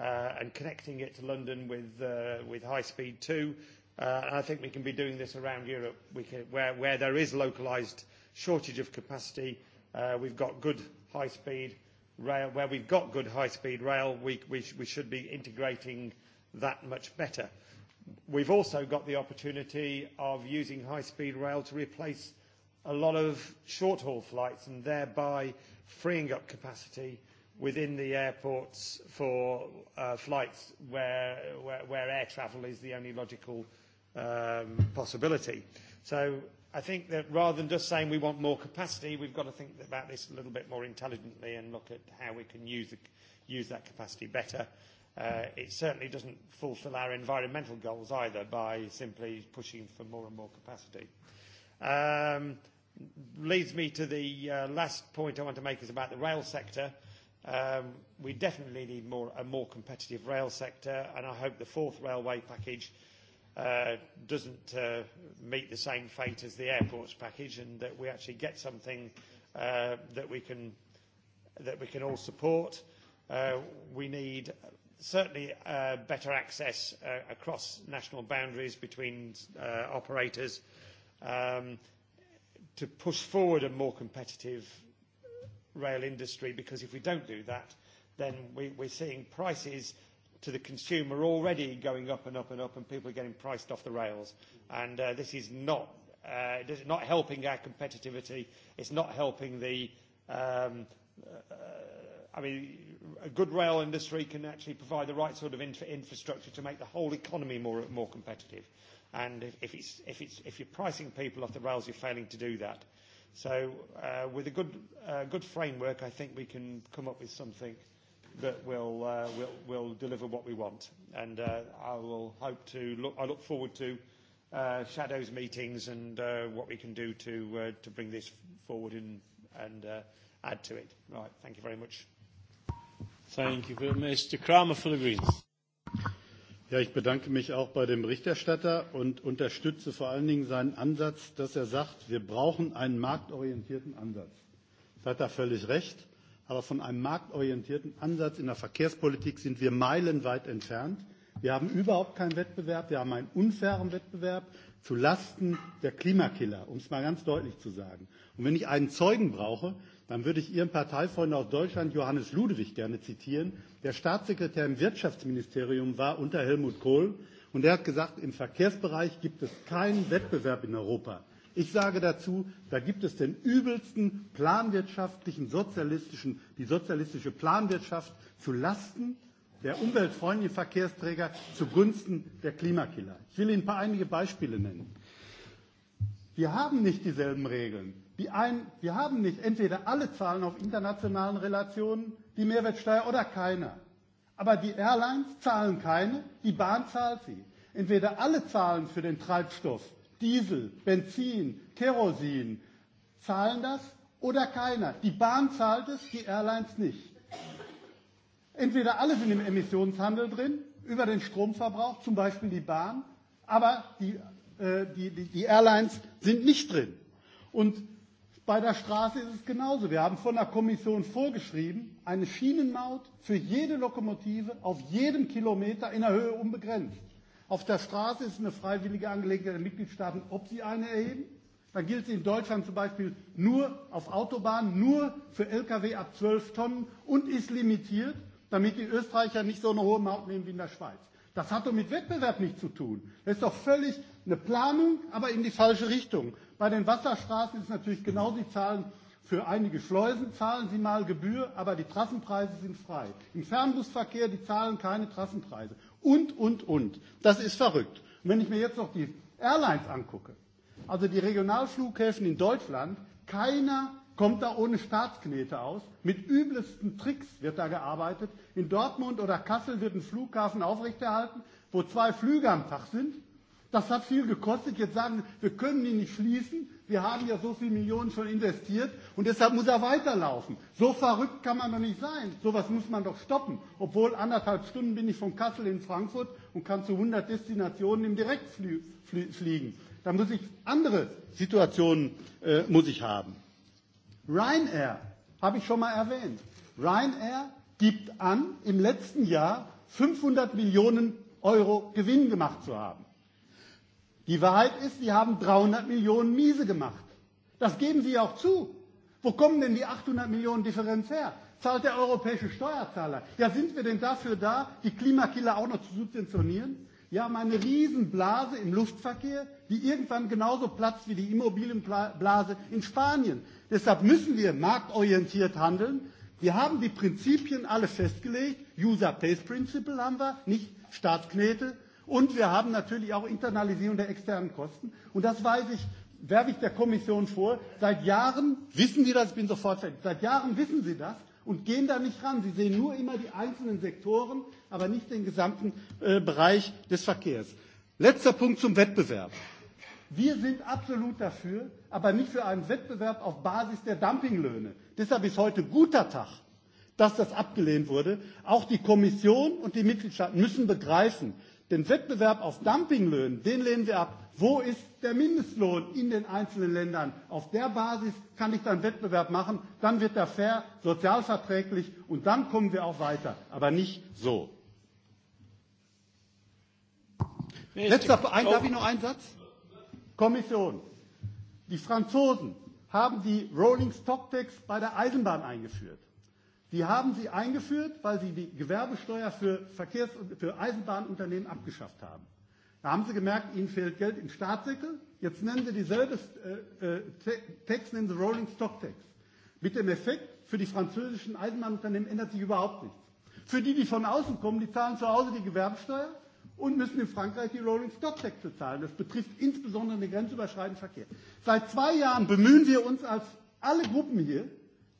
uh, and connecting it to London with, uh, with high speed two. Uh, and I think we can be doing this around Europe. We can, where, where there is localized shortage of capacity, uh, we've got good high speed rail. Where we've got good high speed rail, we, we, sh- we should be integrating that much better. We've also got the opportunity of using high speed rail to replace a lot of short haul flights and thereby uh, freeing up capacity within the airports for uh, flights where, where, where air travel is the only logical um, possibility. So I think that rather than just saying we want more capacity, we've got to think about this a little bit more intelligently and look at how we can use, the, use that capacity better. Uh, it certainly doesn't fulfill our environmental goals either by simply pushing for more and more capacity. Um, leads me to the uh, last point I want to make is about the rail sector. Um, we definitely need more, a more competitive rail sector, and I hope the fourth railway package uh, doesn't uh, meet the same fate as the airports package, and that we actually get something uh, that we can that we can all support. Uh, we need certainly uh, better access uh, across national boundaries between uh, operators. Um, to push forward a more competitive rail industry, because if we don't do that, then we, we're seeing prices to the consumer already going up and up and up, and people are getting priced off the rails. And uh, this is not, uh, this is not helping our competitivity. It's not helping the, um, uh, I mean, a good rail industry can actually provide the right sort of infra- infrastructure to make the whole economy more, more competitive. Uh, And if, if, it's, if, it's, if you're pricing people off the rails, you're failing to do that. So uh, with a good, uh, good framework, I think we can come up with something that will, uh, will, will deliver what we want. And uh, I will hope to look, I look forward to uh, shadows meetings and uh, what we can do to, uh, to bring this forward and, and uh, add to it. Right, thank you very much. Thank you, Mr. Kramer for the Greens. Ja, ich bedanke mich auch bei dem Berichterstatter und unterstütze vor allen Dingen seinen Ansatz, dass er sagt, wir brauchen einen marktorientierten Ansatz. Da hat er völlig recht. Aber von einem marktorientierten Ansatz in der Verkehrspolitik sind wir meilenweit entfernt. Wir haben überhaupt keinen Wettbewerb. Wir haben einen unfairen Wettbewerb zu Lasten der Klimakiller, um es mal ganz deutlich zu sagen. Und wenn ich einen Zeugen brauche, dann würde ich Ihren Parteifreund aus Deutschland, Johannes Ludwig, gerne zitieren. Der Staatssekretär im Wirtschaftsministerium war unter Helmut Kohl und er hat gesagt, im Verkehrsbereich gibt es keinen Wettbewerb in Europa. Ich sage dazu, da gibt es den übelsten planwirtschaftlichen sozialistischen, die sozialistische Planwirtschaft zu Lasten der umweltfreundlichen Verkehrsträger zugunsten der Klimakiller. Ich will Ihnen ein paar einige Beispiele nennen. Wir haben nicht dieselben Regeln. Die ein, wir haben nicht entweder alle Zahlen auf internationalen Relationen, die Mehrwertsteuer oder keine. Aber die Airlines zahlen keine, die Bahn zahlt sie. Entweder alle zahlen für den Treibstoff, Diesel, Benzin, Kerosin, zahlen das oder keiner. Die Bahn zahlt es, die Airlines nicht. Entweder alle sind im Emissionshandel drin, über den Stromverbrauch, zum Beispiel die Bahn, aber die, äh, die, die, die Airlines sind nicht drin. Und Bei der Straße ist es genauso. Wir haben von der Kommission vorgeschrieben, eine Schienenmaut für jede Lokomotive auf jedem Kilometer in der Höhe unbegrenzt. Auf der Straße ist eine freiwillige Angelegenheit der Mitgliedstaaten, ob sie eine erheben. Dann gilt sie in Deutschland zum Beispiel nur auf Autobahnen, nur für Lkw ab 12 Tonnen und ist limitiert, damit die Österreicher nicht so eine hohe Maut nehmen wie in der Schweiz. Das hat doch mit Wettbewerb nichts zu tun. Das ist doch völlig eine Planung, aber in die falsche Richtung. Bei den Wasserstraßen ist natürlich genau die Zahlen für einige Schleusen zahlen Sie mal Gebühr, aber die Trassenpreise sind frei. Im Fernbusverkehr, die zahlen keine Trassenpreise. Und, und, und. Das ist verrückt. Und wenn ich mir jetzt noch die Airlines angucke, also die Regionalflughäfen in Deutschland, keiner kommt da ohne Staatsknete aus. Mit übelsten Tricks wird da gearbeitet. In Dortmund oder Kassel wird ein Flughafen aufrechterhalten, wo zwei Flüge am Tag sind. Das hat viel gekostet. Jetzt sagen, wir können ihn nicht schließen. Wir haben ja so viele Millionen schon investiert und deshalb muss er weiterlaufen. So verrückt kann man doch nicht sein. So etwas muss man doch stoppen. Obwohl anderthalb Stunden bin ich von Kassel in Frankfurt und kann zu 100 Destinationen im Direktfliegen. Da muss ich andere Situationen äh, muss ich haben. Ryanair habe ich schon mal erwähnt. Ryanair gibt an, im letzten Jahr 500 Millionen Euro Gewinn gemacht zu haben. Die Wahrheit ist, sie haben 300 Millionen Miese gemacht. Das geben sie auch zu. Wo kommen denn die 800 Millionen Differenz her? Zahlt der europäische Steuerzahler? Ja, sind wir denn dafür da, die Klimakiller auch noch zu subventionieren? Wir haben eine Riesenblase im Luftverkehr, die irgendwann genauso platzt wie die Immobilienblase in Spanien. Deshalb müssen wir marktorientiert handeln. Wir haben die Prinzipien alle festgelegt. User Pays Principle haben wir, nicht Staatsknete. Und wir haben natürlich auch Internalisierung der externen Kosten. Und das weiß ich, werfe ich der Kommission vor. Seit Jahren wissen Sie das, ich bin sofort fertig. Seit Jahren wissen Sie das und gehen da nicht ran. Sie sehen nur immer die einzelnen Sektoren, aber nicht den gesamten äh, Bereich des Verkehrs. Letzter Punkt zum Wettbewerb. Wir sind absolut dafür, aber nicht für einen Wettbewerb auf Basis der Dumpinglöhne. Deshalb ist heute guter Tag, dass das abgelehnt wurde. Auch die Kommission und die Mitgliedstaaten müssen begreifen, den Wettbewerb auf Dumpinglöhnen, den lehnen wir ab. Wo ist der Mindestlohn in den einzelnen Ländern? Auf der Basis kann ich dann Wettbewerb machen, dann wird er fair, sozialverträglich und dann kommen wir auch weiter, aber nicht so. Nächste Letzter, ein, darf ich noch einen Satz? Kommission. Die Franzosen haben die Rolling Stock Tax bei der Eisenbahn eingeführt. Die haben sie eingeführt, weil sie die Gewerbesteuer für, Verkehrs- und für Eisenbahnunternehmen abgeschafft haben. Da haben sie gemerkt, ihnen fehlt Geld im Staatssäckel. Jetzt nennen sie dieselbe äh, äh, Tax, nennen sie Rolling Stock Tax. Mit dem Effekt, für die französischen Eisenbahnunternehmen ändert sich überhaupt nichts. Für die, die von außen kommen, die zahlen zu Hause die Gewerbesteuer und müssen in Frankreich die Rolling Stock Tax bezahlen. Das betrifft insbesondere den grenzüberschreitenden Verkehr. Seit zwei Jahren bemühen wir uns als alle Gruppen hier,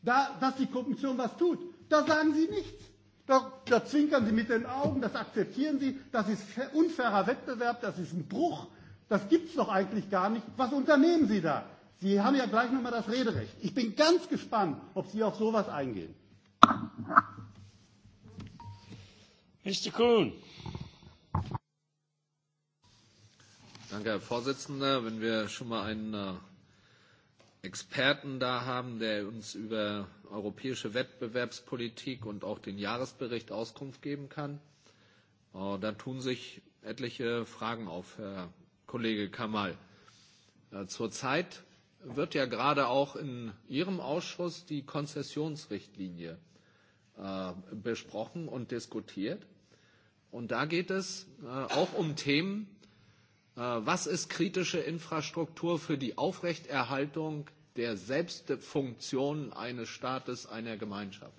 da, dass die Kommission was tut. Da sagen Sie nichts. Da, da zwinkern Sie mit den Augen, das akzeptieren Sie, das ist unfairer Wettbewerb, das ist ein Bruch, das gibt es doch eigentlich gar nicht. Was unternehmen Sie da? Sie haben ja gleich nochmal das Rederecht. Ich bin ganz gespannt, ob Sie auf sowas eingehen. Mr. Kuhn. Danke, Herr Vorsitzender. Wenn wir schon mal einen äh, Experten da haben, der uns über europäische Wettbewerbspolitik und auch den Jahresbericht Auskunft geben kann. Äh, da tun sich etliche Fragen auf, Herr Kollege Kamal. Äh, Zurzeit wird ja gerade auch in Ihrem Ausschuss die Konzessionsrichtlinie äh, besprochen und diskutiert. Und da geht es äh, auch um Themen, Äh, was ist kritische Infrastruktur für die Aufrechterhaltung der Selbstfunktionen eines Staates, einer Gemeinschaft?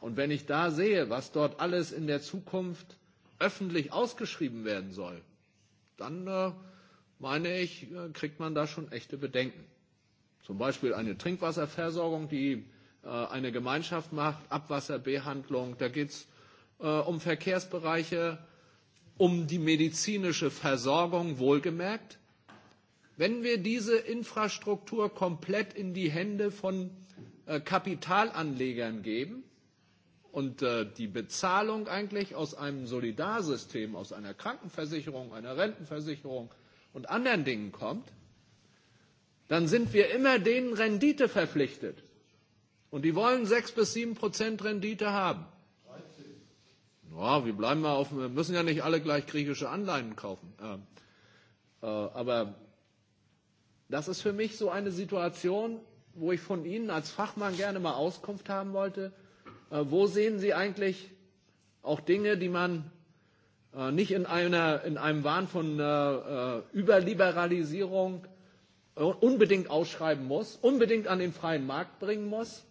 Und wenn ich da sehe, was dort alles in der Zukunft öffentlich ausgeschrieben werden soll, dann äh, meine ich, äh, kriegt man da schon echte Bedenken. Zum Beispiel eine Trinkwasserversorgung, die äh, eine Gemeinschaft macht, Abwasserbehandlung, da geht es äh, um Verkehrsbereiche, um die medizinische Versorgung wohlgemerkt. Wenn wir diese Infrastruktur komplett in die Hände von äh, Kapitalanlegern geben und äh, die Bezahlung eigentlich aus einem Solidarsystem, aus einer Krankenversicherung, einer Rentenversicherung und anderen Dingen kommt, dann sind wir immer denen Rendite verpflichtet. Und die wollen sechs bis sieben Prozent Rendite haben ja, wir bleiben mal auf, wir müssen ja nicht alle gleich griechische Anleihen kaufen. Äh, äh, aber das ist für mich so eine Situation, wo ich von Ihnen als Fachmann gerne mal Auskunft haben wollte. Äh, wo sehen Sie eigentlich auch Dinge, die man äh, nicht in, einer, in einem Wahn von äh, äh Überliberalisierung äh, unbedingt ausschreiben muss, unbedingt an den freien Markt bringen muss?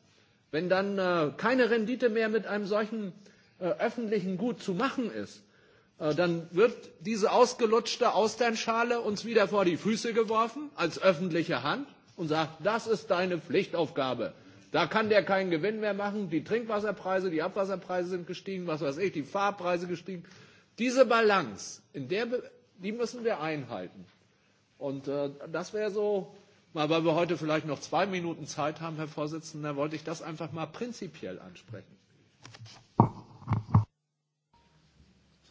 Wenn dann äh, keine Rendite mehr mit einem solchen äh, äh, öffentlichen Gut zu machen ist, äh, dann wird diese ausgelutschte Austernschale uns wieder vor die Füße geworfen als öffentliche Hand und sagt, das ist deine Pflichtaufgabe. Da kann der keinen Gewinn mehr machen. Die Trinkwasserpreise, die Abwasserpreise sind gestiegen, was weiß ich, die Fahrpreise gestiegen. Diese Balance, in der, die müssen wir einhalten. Und äh, das wäre so, mal weil wir heute vielleicht noch zwei Minuten Zeit haben, Herr Vorsitzender, wollte ich das einfach mal prinzipiell ansprechen.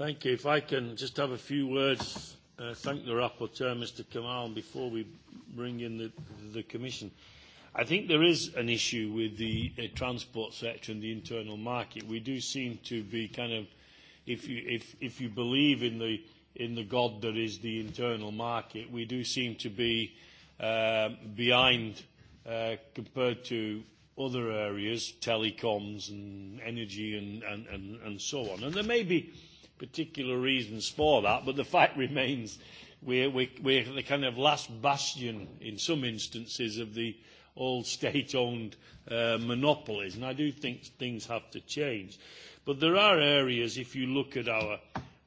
Thank you. If I can just have a few words, uh, thank the rapporteur, Mr. Kamal, before we bring in the, the Commission. I think there is an issue with the uh, transport sector and the internal market. We do seem to be kind of, if you, if, if you believe in the, in the God that is the internal market, we do seem to be uh, behind uh, compared to other areas, telecoms and energy and, and, and, and so on. And there may be particular reasons for that, but the fact remains we're, we're, we're the kind of last bastion in some instances of the old state-owned uh, monopolies, and I do think things have to change. But there are areas, if you look at our,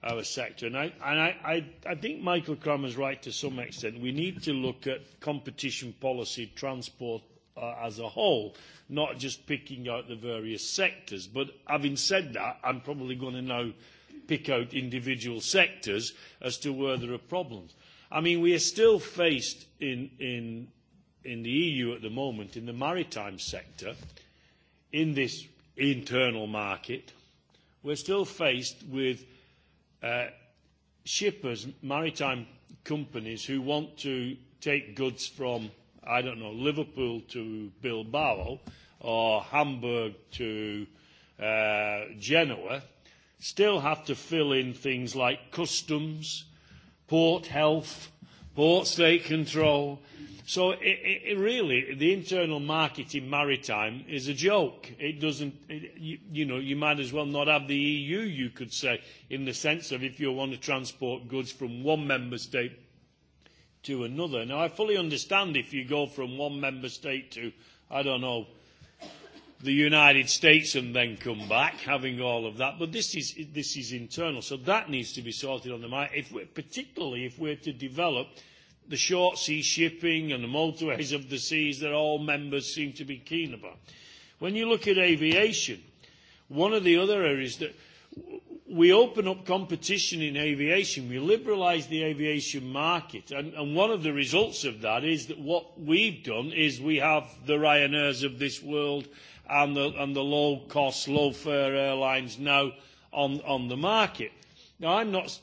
our sector, and, I, and I, I, I think Michael Cramer's right to some extent. We need to look at competition policy, transport uh, as a whole, not just picking out the various sectors. But having said that, I'm probably going to now pick out individual sectors as to where there are problems. I mean, we are still faced in, in, in the EU at the moment, in the maritime sector, in this internal market, we're still faced with uh, shippers, maritime companies who want to take goods from, I don't know, Liverpool to Bilbao or Hamburg to uh, Genoa still have to fill in things like customs, port health, port state control. So it, it, it really, the internal market in maritime is a joke. It doesn't, it, you, you know, you might as well not have the EU, you could say, in the sense of if you want to transport goods from one member state to another. Now, I fully understand if you go from one member state to, I don't know, the United States and then come back, having all of that. But this is, this is internal, so that needs to be sorted on the market, if we're, particularly if we're to develop the short sea shipping and the motorways of the seas that all members seem to be keen about. When you look at aviation, one of the other areas that we open up competition in aviation, we liberalise the aviation market, and, and one of the results of that is that what we've done is we have the Ryanairs of this world and the, and the low-cost, low-fare airlines now on, on the market. Now, I'm not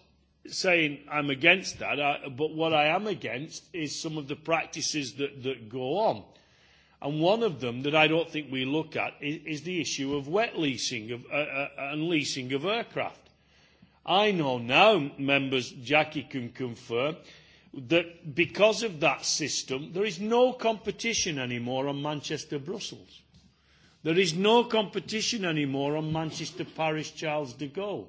saying I'm against that, I, but what I am against is some of the practices that, that go on. And one of them that I don't think we look at is, is the issue of wet leasing of, uh, uh, and leasing of aircraft. I know now, members, Jackie can confirm, that because of that system, there is no competition anymore on Manchester-Brussels. There is no competition anymore on Manchester Paris Charles de Gaulle.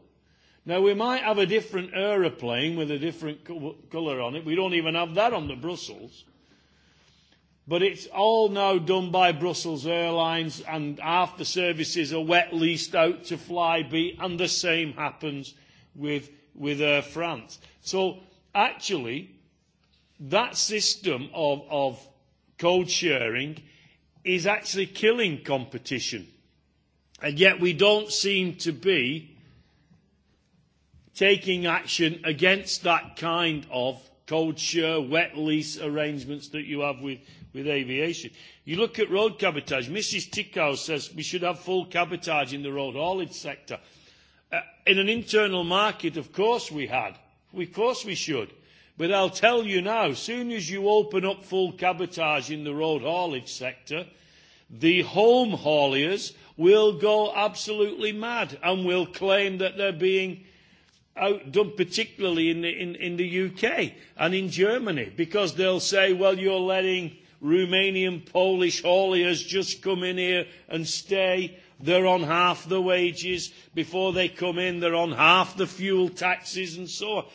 Now, we might have a different aeroplane with a different co- colour on it. We don't even have that on the Brussels. But it's all now done by Brussels Airlines, and half the services are wet leased out to Flybe, and the same happens with, with Air France. So, actually, that system of, of code sharing is actually killing competition. And yet we don't seem to be taking action against that kind of cold share, wet lease arrangements that you have with, with aviation. You look at road cabotage. Mrs. Tickow says we should have full cabotage in the road haulage sector. Uh, in an internal market, of course we had. Of course we should. But I'll tell you now, soon as you open up full cabotage in the road haulage sector, the home hauliers will go absolutely mad and will claim that they're being outdone, particularly in the, in, in the UK and in Germany, because they'll say, well, you're letting Romanian, Polish hauliers just come in here and stay they're on half the wages. Before they come in, they're on half the fuel taxes and so on.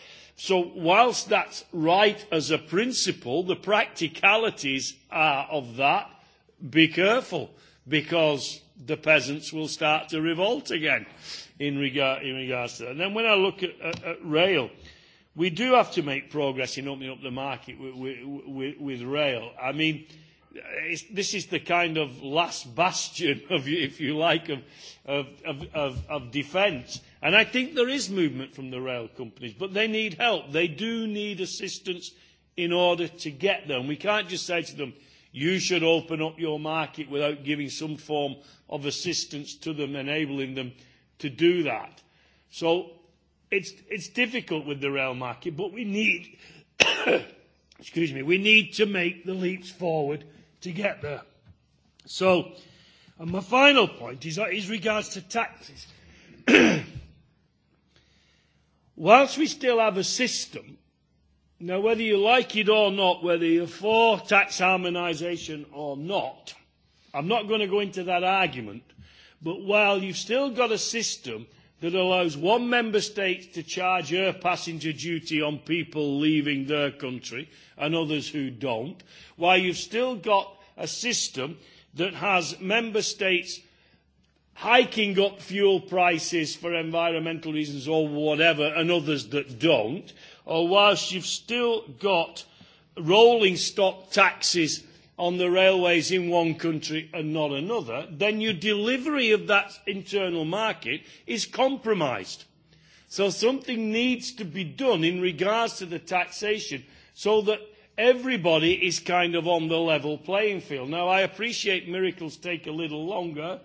So whilst that's right as a principle, the practicalities are of that, be careful, because the peasants will start to revolt again in, regard, in regards to that. And then when I look at, at, at rail, we do have to make progress in opening up the market with, with, with, with rail. I mean, uh, it's, this is the kind of last bastion, of, if you like, of, of, of, of, of defence. And I think there is movement from the rail companies, but they need help. They do need assistance in order to get there. And we can't just say to them, you should open up your market without giving some form of assistance to them, enabling them to do that. So it's, it's difficult with the rail market, but we need, excuse me, we need to make the leaps forward – to get there. So, and my final point is, is regards to taxes. Whilst we still have a system, now whether you like it or not, whether you're for tax harmonisation or not, I'm not going to go into that argument, but while you've still got a system that allows one member state to charge air passenger duty on people leaving their country and others who don't, why you've still got a system that has member states hiking up fuel prices for environmental reasons or whatever and others that don't, or whilst you've still got rolling stock taxes on the railways in one country and not another, then your delivery of that internal market is compromised. So something needs to be done in regards to the taxation so that everybody is kind of on the level playing field. Now, I appreciate miracles take a little longer,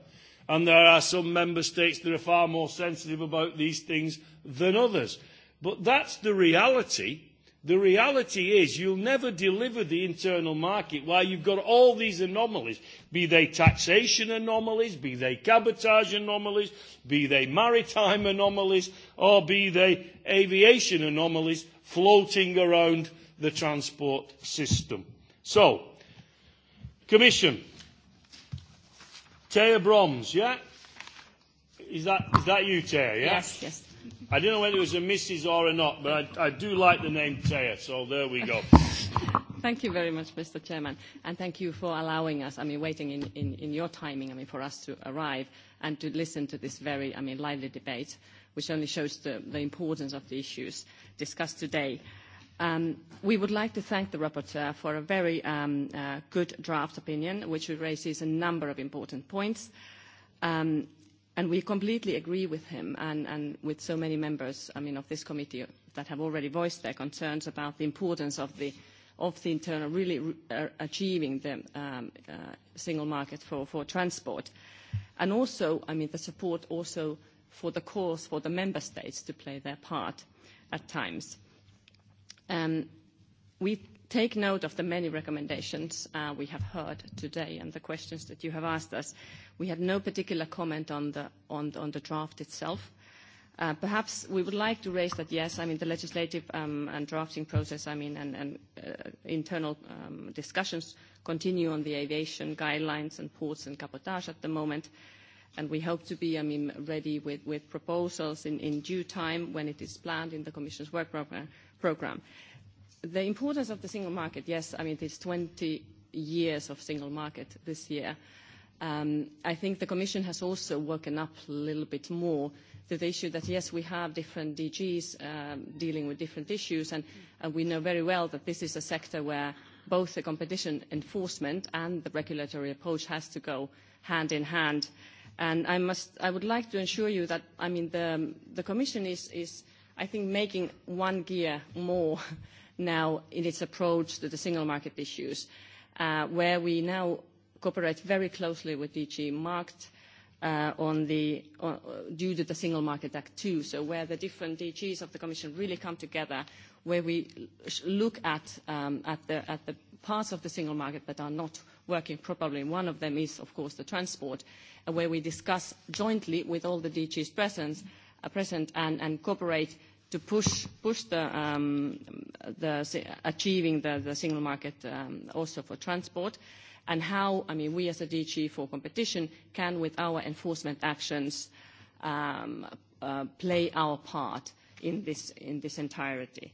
and there are some member states that are far more sensitive about these things than others. But that's the reality The reality is you'll never deliver the internal market while you've got all these anomalies, be they taxation anomalies, be they cabotage anomalies, be they maritime anomalies, or be they aviation anomalies floating around the transport system. So, Commission, Taya Broms, yeah? Is that, is that you, Taya? Yeah? Yes, yes. I don't know whether it was a Mrs. or a not, but I, I do like the name Taya, so there we go. thank you very much, Mr. Chairman, and thank you for allowing us, I mean, waiting in, in, in your timing, I mean, for us to arrive and to listen to this very, I mean, lively debate, which only shows the, the importance of the issues discussed today. Um, we would like to thank the rapporteur for a very um, uh, good draft opinion, which raises a number of important points. Um, and we completely agree with him and, and with so many members, I mean, of this committee that have already voiced their concerns about the importance of the, of the internal, really re- uh, achieving the um, uh, single market for, for transport. And also, I mean, the support also for the calls for the member states to play their part at times. Um, we take note of the many recommendations uh, we have heard today and the questions that you have asked us. Uh, We had no particular comment on the, on, on the draft itself. Uh, perhaps we would like to raise that, yes, I mean, the legislative um, and drafting process, I mean, and, and uh, internal um, discussions continue on the aviation guidelines and ports and cabotage at the moment. And we hope to be, I mean, ready with, with proposals in, in due time when it is planned in the Commission's work program. Uh, program. The importance of the single market, yes, I mean, it's 20 years of single market this year. Um, I think the Commission has also woken up a little bit more to the issue that, yes, we have different DGs um, dealing with different issues, and, and we know very well that this is a sector where both the competition enforcement and the regulatory approach has to go hand in hand. And I, must, I would like to ensure you that, I mean, the, the Commission is, is, I think, making one gear more now in its approach to the single market issues, uh, where we now cooperate very closely with DG Markt uh, on the, uh, due to the Single Market Act II, so where the different DGs of the Commission really come together, where we look at, um, at, the, at the parts of the single market that are not working properly. One of them is, of course, the transport, uh, where we discuss jointly with all the DGs presence, uh, present and, and cooperate to push, push the, um, the achieving the, the single market um, also for transport. Uh, and how, I mean, we as a DG for competition can, with our enforcement actions, um, uh, play our part in this, in this entirety.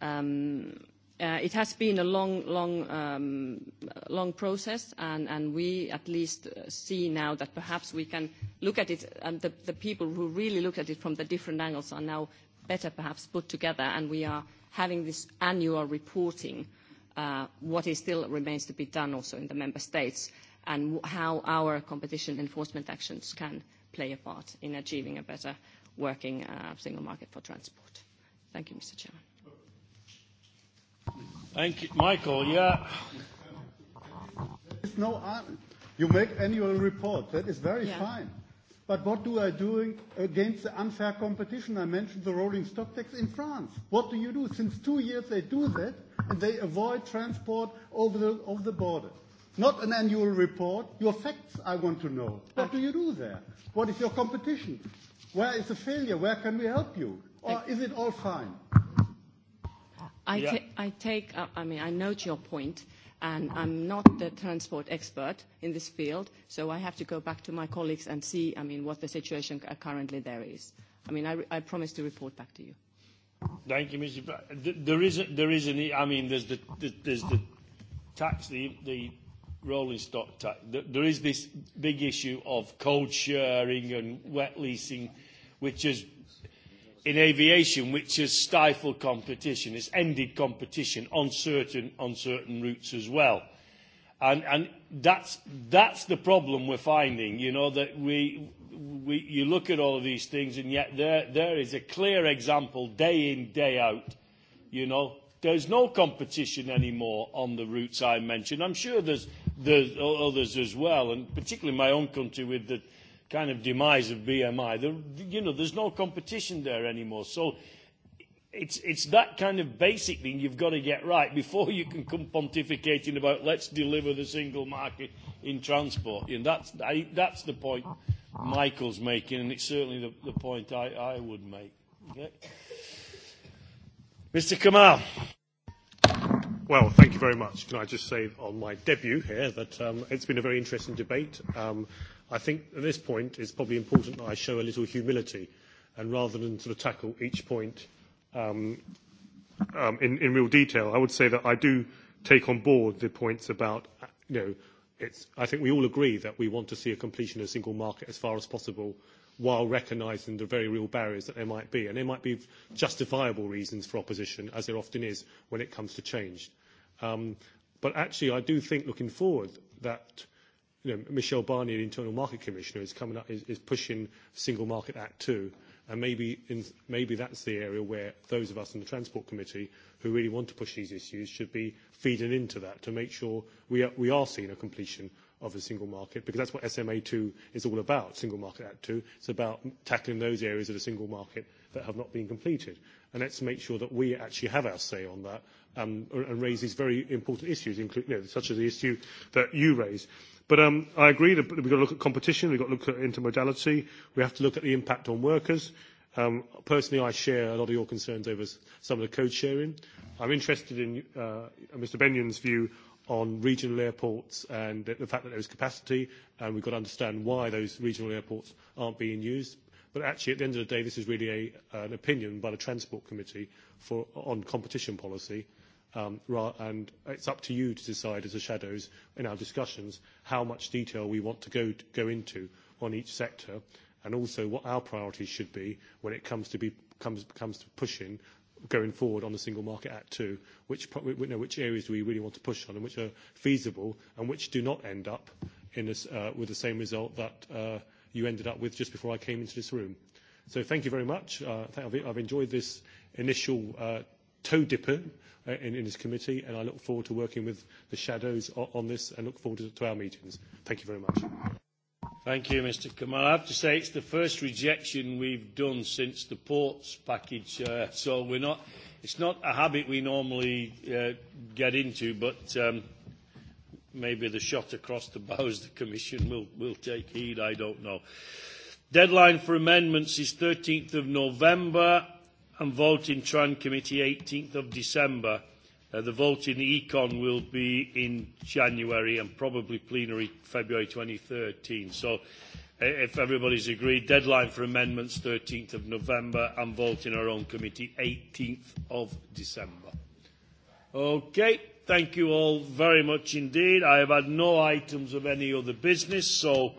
Um, uh, it has been a long, long, um, long process, and, and we at least uh, see now that perhaps we can look at it, and the, the people who really look at it from the different angles are now better perhaps put together, and we are having this annual reporting uh, uh, what is still remains to be done also in the member states and how our competition enforcement actions can play a part in achieving a better working uh, single market for transport. Thank you, Mr. Chairman. Thank you, Michael. Yeah. There's no answer. You make annual report. That is very yeah. fine. But what do I doing against the unfair competition? I mentioned the rolling stock tax in France. What do you do? Since two years they do that, they avoid transport over the, over the border. Not an annual report. Your facts I want to know. What do you do there? What is your competition? Where is the failure? Where can we help you? Or is it all fine? I, yeah. ta- I take, uh, I mean, I note your point, and I'm not the transport expert in this field, so I have to go back to my colleagues and see, I mean, what the situation currently there is. I mean, I, re- I promise to report back to you. Thank you, Mr. Pratt. There is, there is an, I mean, there's the, there's the tax, the, the rolling stock tax. There is this big issue of code sharing and wet leasing, which has, in aviation, which has stifled competition. It's ended competition on certain, on certain routes as well. And, and that's, that's the problem we're finding, you know, that we, we, you look at all of these things, and yet there, there is a clear example day in, day out. You know, there's no competition anymore on the routes I mentioned. I'm sure there's, there's others as well, and particularly my own country with the kind of demise of BMI. There, you know, there's no competition there anymore. So it's, it's that kind of basic thing you've got to get right before you can come pontificating about let's deliver the single market in transport. And that's, I, that's the point. Oh Ah. Michael's making, and it's certainly the, the point I, I would make. Okay? Mr. Kamal. Well, thank you very much. Can I just say on my debut here that um, it's been a very interesting debate. Um, I think at this point it's probably important that I show a little humility and rather than sort of tackle each point um, um, in, in real detail, I would say that I do take on board the points about, you know, it's, I think we all agree that we want to see a completion of the single market as far as possible while recognizing the very real barriers that there might be. And there might be justifiable reasons for opposition, as there often is when it comes to change. Um, but actually, I do think looking forward that you know, Michel Barnier, the Internal Market Commissioner, is coming up, is, is pushing Single Market Act 2 And maybe, in, maybe that's the area where those of us in the Transport Committee who really want to push these issues should be feeding into that to make sure we are, we are seeing a completion of the single market, because that's what SMA2 is all about, Single Market Act 2. It's about tackling those areas of the single market that have not been completed. And let's make sure that we actually have our say on that um, and raise these very important issues, including, you know, such as the issue that you raise. But um, I agree that we've got to look at competition, we've got to look at intermodality, we have to look at the impact on workers. Um, personally, I share a lot of your concerns over some of the code sharing. I'm interested in uh, Mr. Benyon's view on regional airports and the, the fact that there is capacity, and we've got to understand why those regional airports aren't being used. But actually, at the end of the day, this is really a, an opinion by the Transport Committee for, on competition policy, Um, and it's up to you to decide as the shadows in our discussions how much detail we want to go, to go into on each sector and also what our priorities should be when it comes to, be, comes, comes to pushing going forward on the Single Market Act 2, which, you know, which areas do we really want to push on and which are feasible and which do not end up in this, uh, with the same result that uh, you ended up with just before I came into this room. So thank you very much. Uh, I've enjoyed this initial uh, toe dipper uh, in, in this committee, and I look forward to working with the shadows on, on this and look forward to, to our meetings. Thank you very much. Thank you, Mr. Kamal. I have to say it's the first rejection we've done since the ports package, uh, so we're not, it's not a habit we normally uh, get into, but um, maybe the shot across the bows the Commission will, will take heed, I don't know. Deadline for amendments is 13th of November and vote in Tran Committee 18th of December. Uh, the vote in Econ will be in January and probably plenary February 2013. So uh, if everybody's agreed, deadline for amendments 13th of November and vote in our own committee 18th of December. Okay, thank you all very much indeed. I have had no items of any other business, so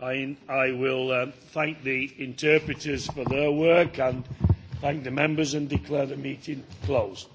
I, I will um, thank the interpreters for their work and thank the members and declare the meeting closed.